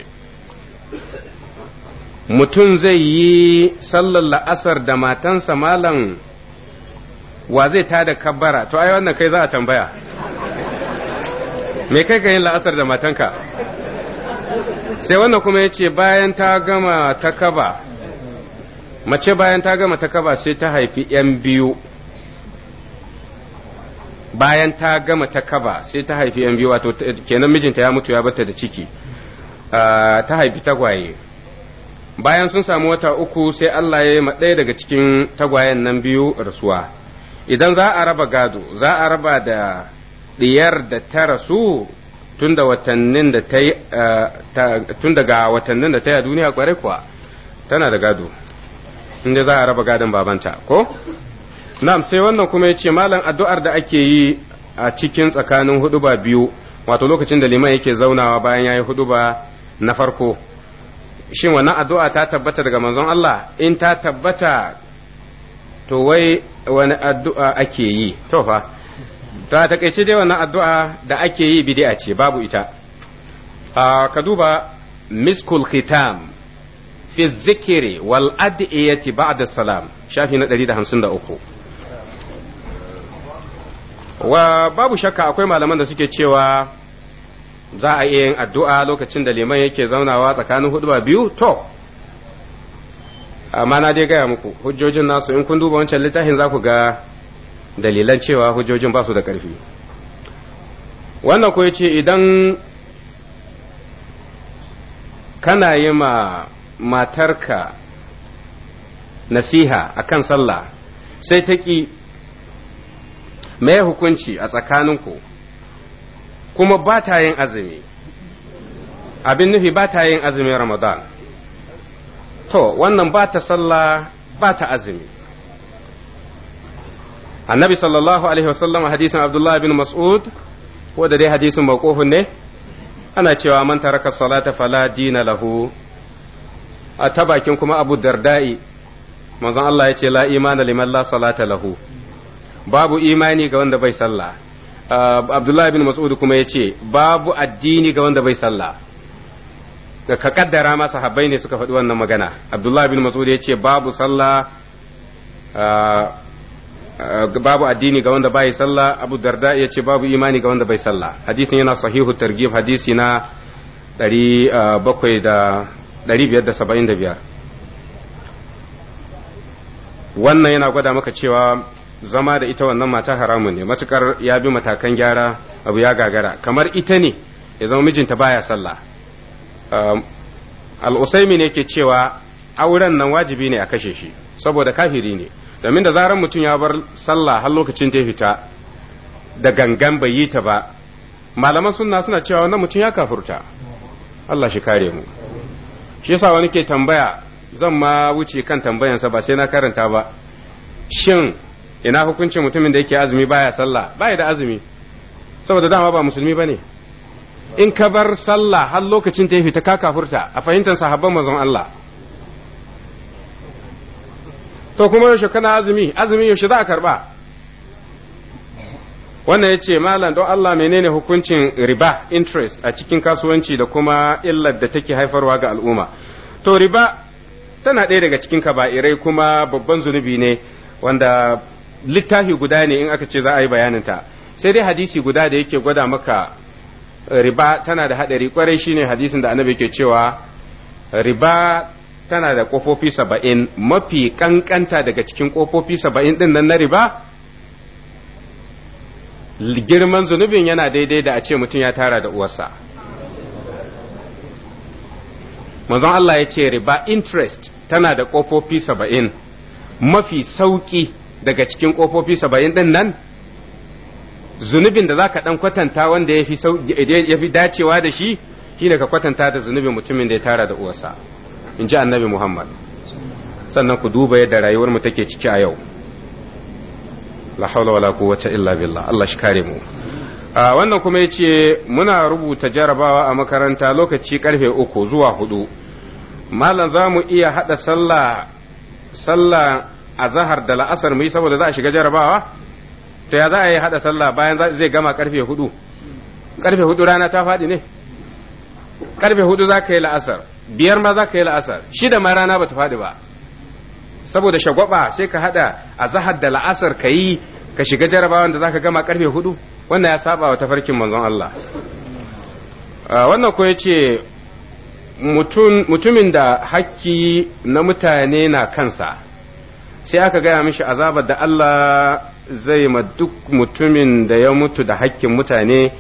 mutum zai yi sallar la'asar da matansa malam wa zai ta da kabbara to ai wannan kai za a tambaya me kai ka yin la'asar da matanka sai wannan kuma ya ce bayan ta gama ta kaba mace bayan ta gama ta kaba sai ta haifi 'yan biyu bayan ta gama ta kaba sai ta haifi yan biyu wato kenan mijinta ya mutu ya bata da ciki ah, ta haifi tagwaye bayan sun samu wata uku sai Allah ya yi ɗaya daga cikin tagwayen nan biyu rasuwa idan za a raba gado za a raba da diyar da ta rasu ah, tun daga watannin da ta yi a duniya kwarai kuwa tana da gado inda za a raba gadon babanta ko na'am sai wannan kuma ya ce malam addu'ar da ake yi a cikin tsakanin huduba biyu wato lokacin da liman yake zaunawa bayan ya yi huduba na farko shin wannan addu'a ta tabbata daga manzon Allah in ta tabbata to wai wani addu'a ake yi to fa ta takaice dai wannan addu'a da ake yi bid'a ce babu ita ka duba miskul khitam fi zikiri wal adiyati ba'da salam shafi na 153 wa babu shakka akwai malaman da suke cewa za a iya yin addu'a lokacin da liman yake zaunawa tsakanin hudu biyu to amma na dai gaya muku hujjojin nasu in kun duba wancan littafin za ku ga dalilan cewa hujjojin ba su da ƙarfi wannan ko ce idan kana yi ma matarka nasiha akan sallah sai ta ki. mai hukunci a tsakaninku kuma ba ta yin azumi abin nufi ba ta yin azumi ramadan to wannan ba ta sallah ba ta azumi annabi sallallahu alaihi wasallam hadisin abdullah bin mas'ud ko dai hadisin mawqufun ne ana cewa man taraka salata fala dina lahu a ta bakin kuma abu darda'i manzon Allah ya ce la imana liman la salata lahu babu imani ga wanda bai sallah uh, abdullahi bin mas'ud kuma ya ce babu addini ga wanda bai sallah ka kaddara ma sahabbai ne suka faɗi wannan magana abdullahi bin mas'ud ya ce babu sallah uh, uh, babu addini ga wanda bai sallah abu darda ya ce babu imani ga wanda bai sallah hadisin yana sahihu targhib hadisi na 775 wannan yana gwada maka cewa zama da ita wannan mata haramun ne matukar ya bi matakan gyara abu ya gagara kamar ita ne ya zama mijinta baya sallah um, al'usaimi ne ke cewa auren nan wajibi ne a kashe shi saboda kafiri ne domin da zarar mutum ya bar sallah har lokacin ta fita da gangan bai yi ta ba malaman sunna suna cewa wannan mutum ya kafurta Allah shi kare mu shi yasa wani ke tambaya zan ma wuce kan tambayansa ba sai na karanta ba shin ina hukuncin mutumin da yake azumi baya sallah baya da azumi saboda dama ba musulmi bane in ka bar sallah har lokacin da ya fita ka kafurta a fahimtar sahabban manzon Allah to kuma yaushe kana azumi azumi yaushe za a karba wannan yace malam don Allah menene hukuncin riba interest a cikin kasuwanci da kuma illar da take haifarwa ga al'umma to riba tana ɗaya daga cikin kaba'irai kuma babban zunubi ne wanda littafi guda ne in aka ce za a yi bayaninta sai dai hadisi guda da yake gwada maka riba tana da haɗari kwarai shine hadisin da annabi ke cewa riba tana da ƙofofi saba'in mafi kankanta daga cikin ƙofofi saba'in ɗin nan na riba girman zunubin yana daidai da a ce mutum ya tara da uwarsa manzon Allah ya ce riba interest tana da kofofi saba'in mafi sauƙi daga cikin kofofi saba'in ɗin nan zunubin da za ka ɗan kwatanta wanda ya fi dacewa da shi shine ka kwatanta da zunubin mutumin da ya tara da uwarsa in ji annabi muhammad sannan ku duba yadda rayuwar mu take ciki a yau la haula wala quwwata illa billah Allah shi kare mu wannan kuma yace muna rubuta jarabawa a makaranta lokaci karfe uku zuwa hudu malam za mu iya hada sallah sallah a zahar da la'asar mu yi saboda za a shiga jarabawa to ya za a yi hada sallah bayan zai gama karfe hudu karfe hudu rana ta faɗi ne karfe hudu za ka yi la'asar biyar ma za ka yi la'asar shida ma rana ba ta faɗi ba saboda shagwaba sai ka hada a zahar da la'asar ka yi ka shiga jarabawan da za ka gama karfe hudu wannan ya saba wa tafarkin manzon Allah wannan ko yace mutumin da hakki na mutane na kansa sai aka gaya mishi azabar da Allah zai ma duk mutumin da ya mutu da hakkin mutane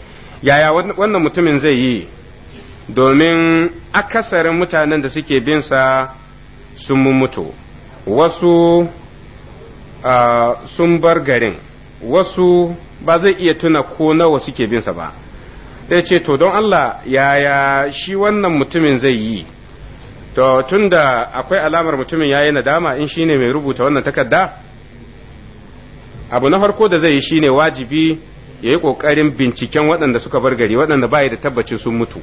yaya wannan mutumin zai yi domin akasarin mutanen da suke binsa sun mutu wasu sun bar garin wasu ba zai iya tuna ko nawa suke binsa ba zai ce to don Allah yaya shi wannan mutumin zai yi to da akwai alamar mutumin ya yi nadama in shine mai rubuta wannan takarda abu na farko da zai yi shine wajibi ya yi ƙoƙarin binciken waɗanda suka bar gari waɗanda ba da tabbacin sun mutu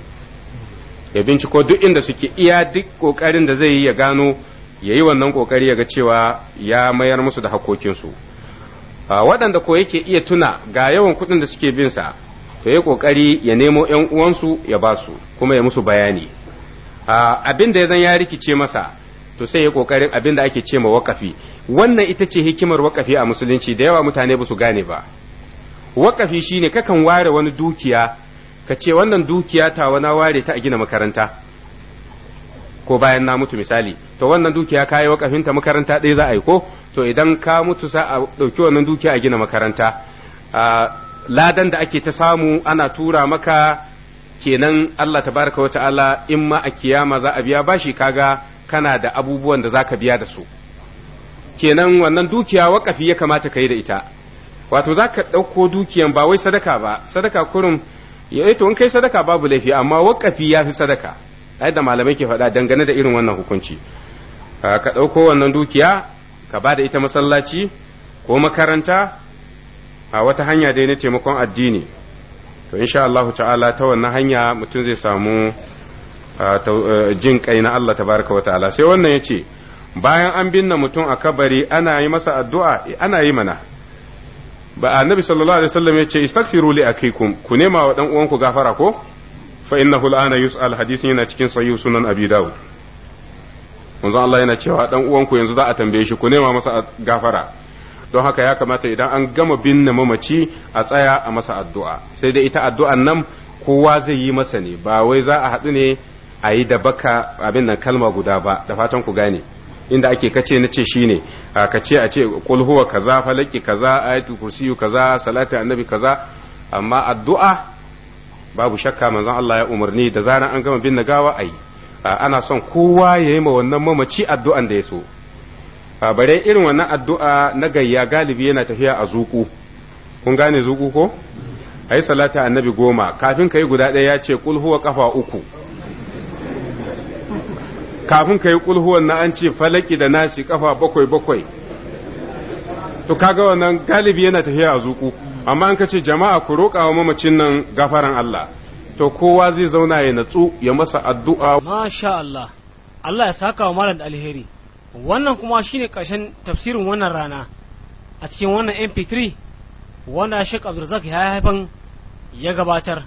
ya binciko duk inda suke iya duk ƙoƙarin da zai yi ya gano ya yi wannan ƙoƙari ya ga cewa ya mayar musu da hakokinsu waɗanda ko yake iya tuna ga yawan kuɗin da suke bin sa to ya ƙoƙari ya nemo ‘yan uwansu ya ba su kuma ya musu bayani Ah, abin da ya zan ya rikice masa to sai ya kokarin abin da ake ce ma wakafi wannan ita ce hikimar wakafi a musulunci da yawa mutane ba su gane ba wakafi shine kakan ware wani dukiya ka ce wannan dukiya ta wana ware ta a gina makaranta ko bayan na mutu misali to wannan dukiya ka yi ta makaranta ɗaya za a yi ko to idan ka mutu sa a ɗauki wannan dukiya a gina makaranta ah, ladan da ake ta samu ana tura maka kenan Allah tabaraka wa ta'ala in ma a kiyama za a biya bashi kaga kana da abubuwan da zaka biya da su kenan wannan dukiya wakafi ya kamata ka yi da ita wato za ka ɗauko dukiyan ba wai sadaka ba sadaka kurum ya eh to in kai sadaka babu laifi amma wakafi ya fi sadaka ai da malamai ke faɗa dangane da irin wannan hukunci ka ɗauko wannan dukiya ka ba da ita masallaci ko makaranta a wata hanya dai na taimakon addini to insha Allah ta'ala ta wannan hanya mutum zai samu jin kai na Allah tabaraka wa ta'ala sai wannan yace bayan an binne mutum a kabari ana yi masa addu'a ana yi mana ba annabi sallallahu alaihi wasallam yace istaghfiru li akikum ku nema wa dan uwanku gafara ko fa innahu al'ana yus'al hadisin yana cikin sahih sunan abi daud manzo Allah yana cewa dan uwanku yanzu za a tambaye shi ku nema masa gafara don haka ya kamata idan an gama binne mamaci a tsaya a masa addu'a sai dai ita addu'an nan kowa zai yi masa ne ba wai za a haɗu ne a yi da baka abin nan kalma guda ba da fatan ku gane inda ake kace na ce shi ne ka ce a ce kul huwa kaza falaki kaza ayatul kursiyu kaza salatu annabi kaza amma addu'a babu shakka manzon Allah ya umarni da zaran an gama bin gawa ayi ana son kowa ya yi ma wannan mamaci addu'an da ya so bare irin wannan addu'a na gayya galibi yana tafiya a zuku kun gane zuku ko ayi salata annabi goma kafin kai guda ɗaya ya ce kul huwa kafa uku kafin kai kul huwa na an ce falaki da nasi kafa bakwai bakwai to kaga wannan galibi yana tafiya a zuku amma an kace jama'a ku roƙa wa mamacin nan gafaran Allah to kowa zai zauna ya natsu ya masa addu'a masha Allah Allah ya saka wa malam alheri wannan kuma shine ƙarshen tafsirin wannan rana a cikin wannan mp3 wanda Sheikh abdulrazak ya haifan ya gabatar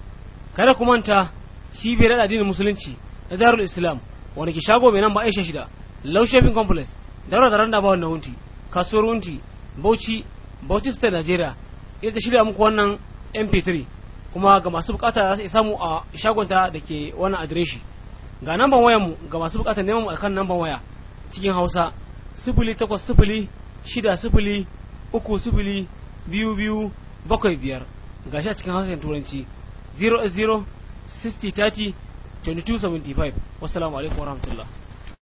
kada ku manta cibiyar da addinin musulunci na darul islam wani ke shago mai nan ba aisha shida low shopping complex daura da randa ba wannan wunti kasuwar wunti bauchi bauchi state nigeria ita ta shirya muku wannan mp3 kuma ga masu bukata za su samu a shagonta da ke wannan adireshi ga namban wayanmu ga masu bukata neman akan namban waya cikin hausa sifili takwas sifili shida sifili uku sifili biyu biyu bakwai biyar shi a cikin hausa turanci 0 0 60 30 22 75 wasu alaikum warahmatullahi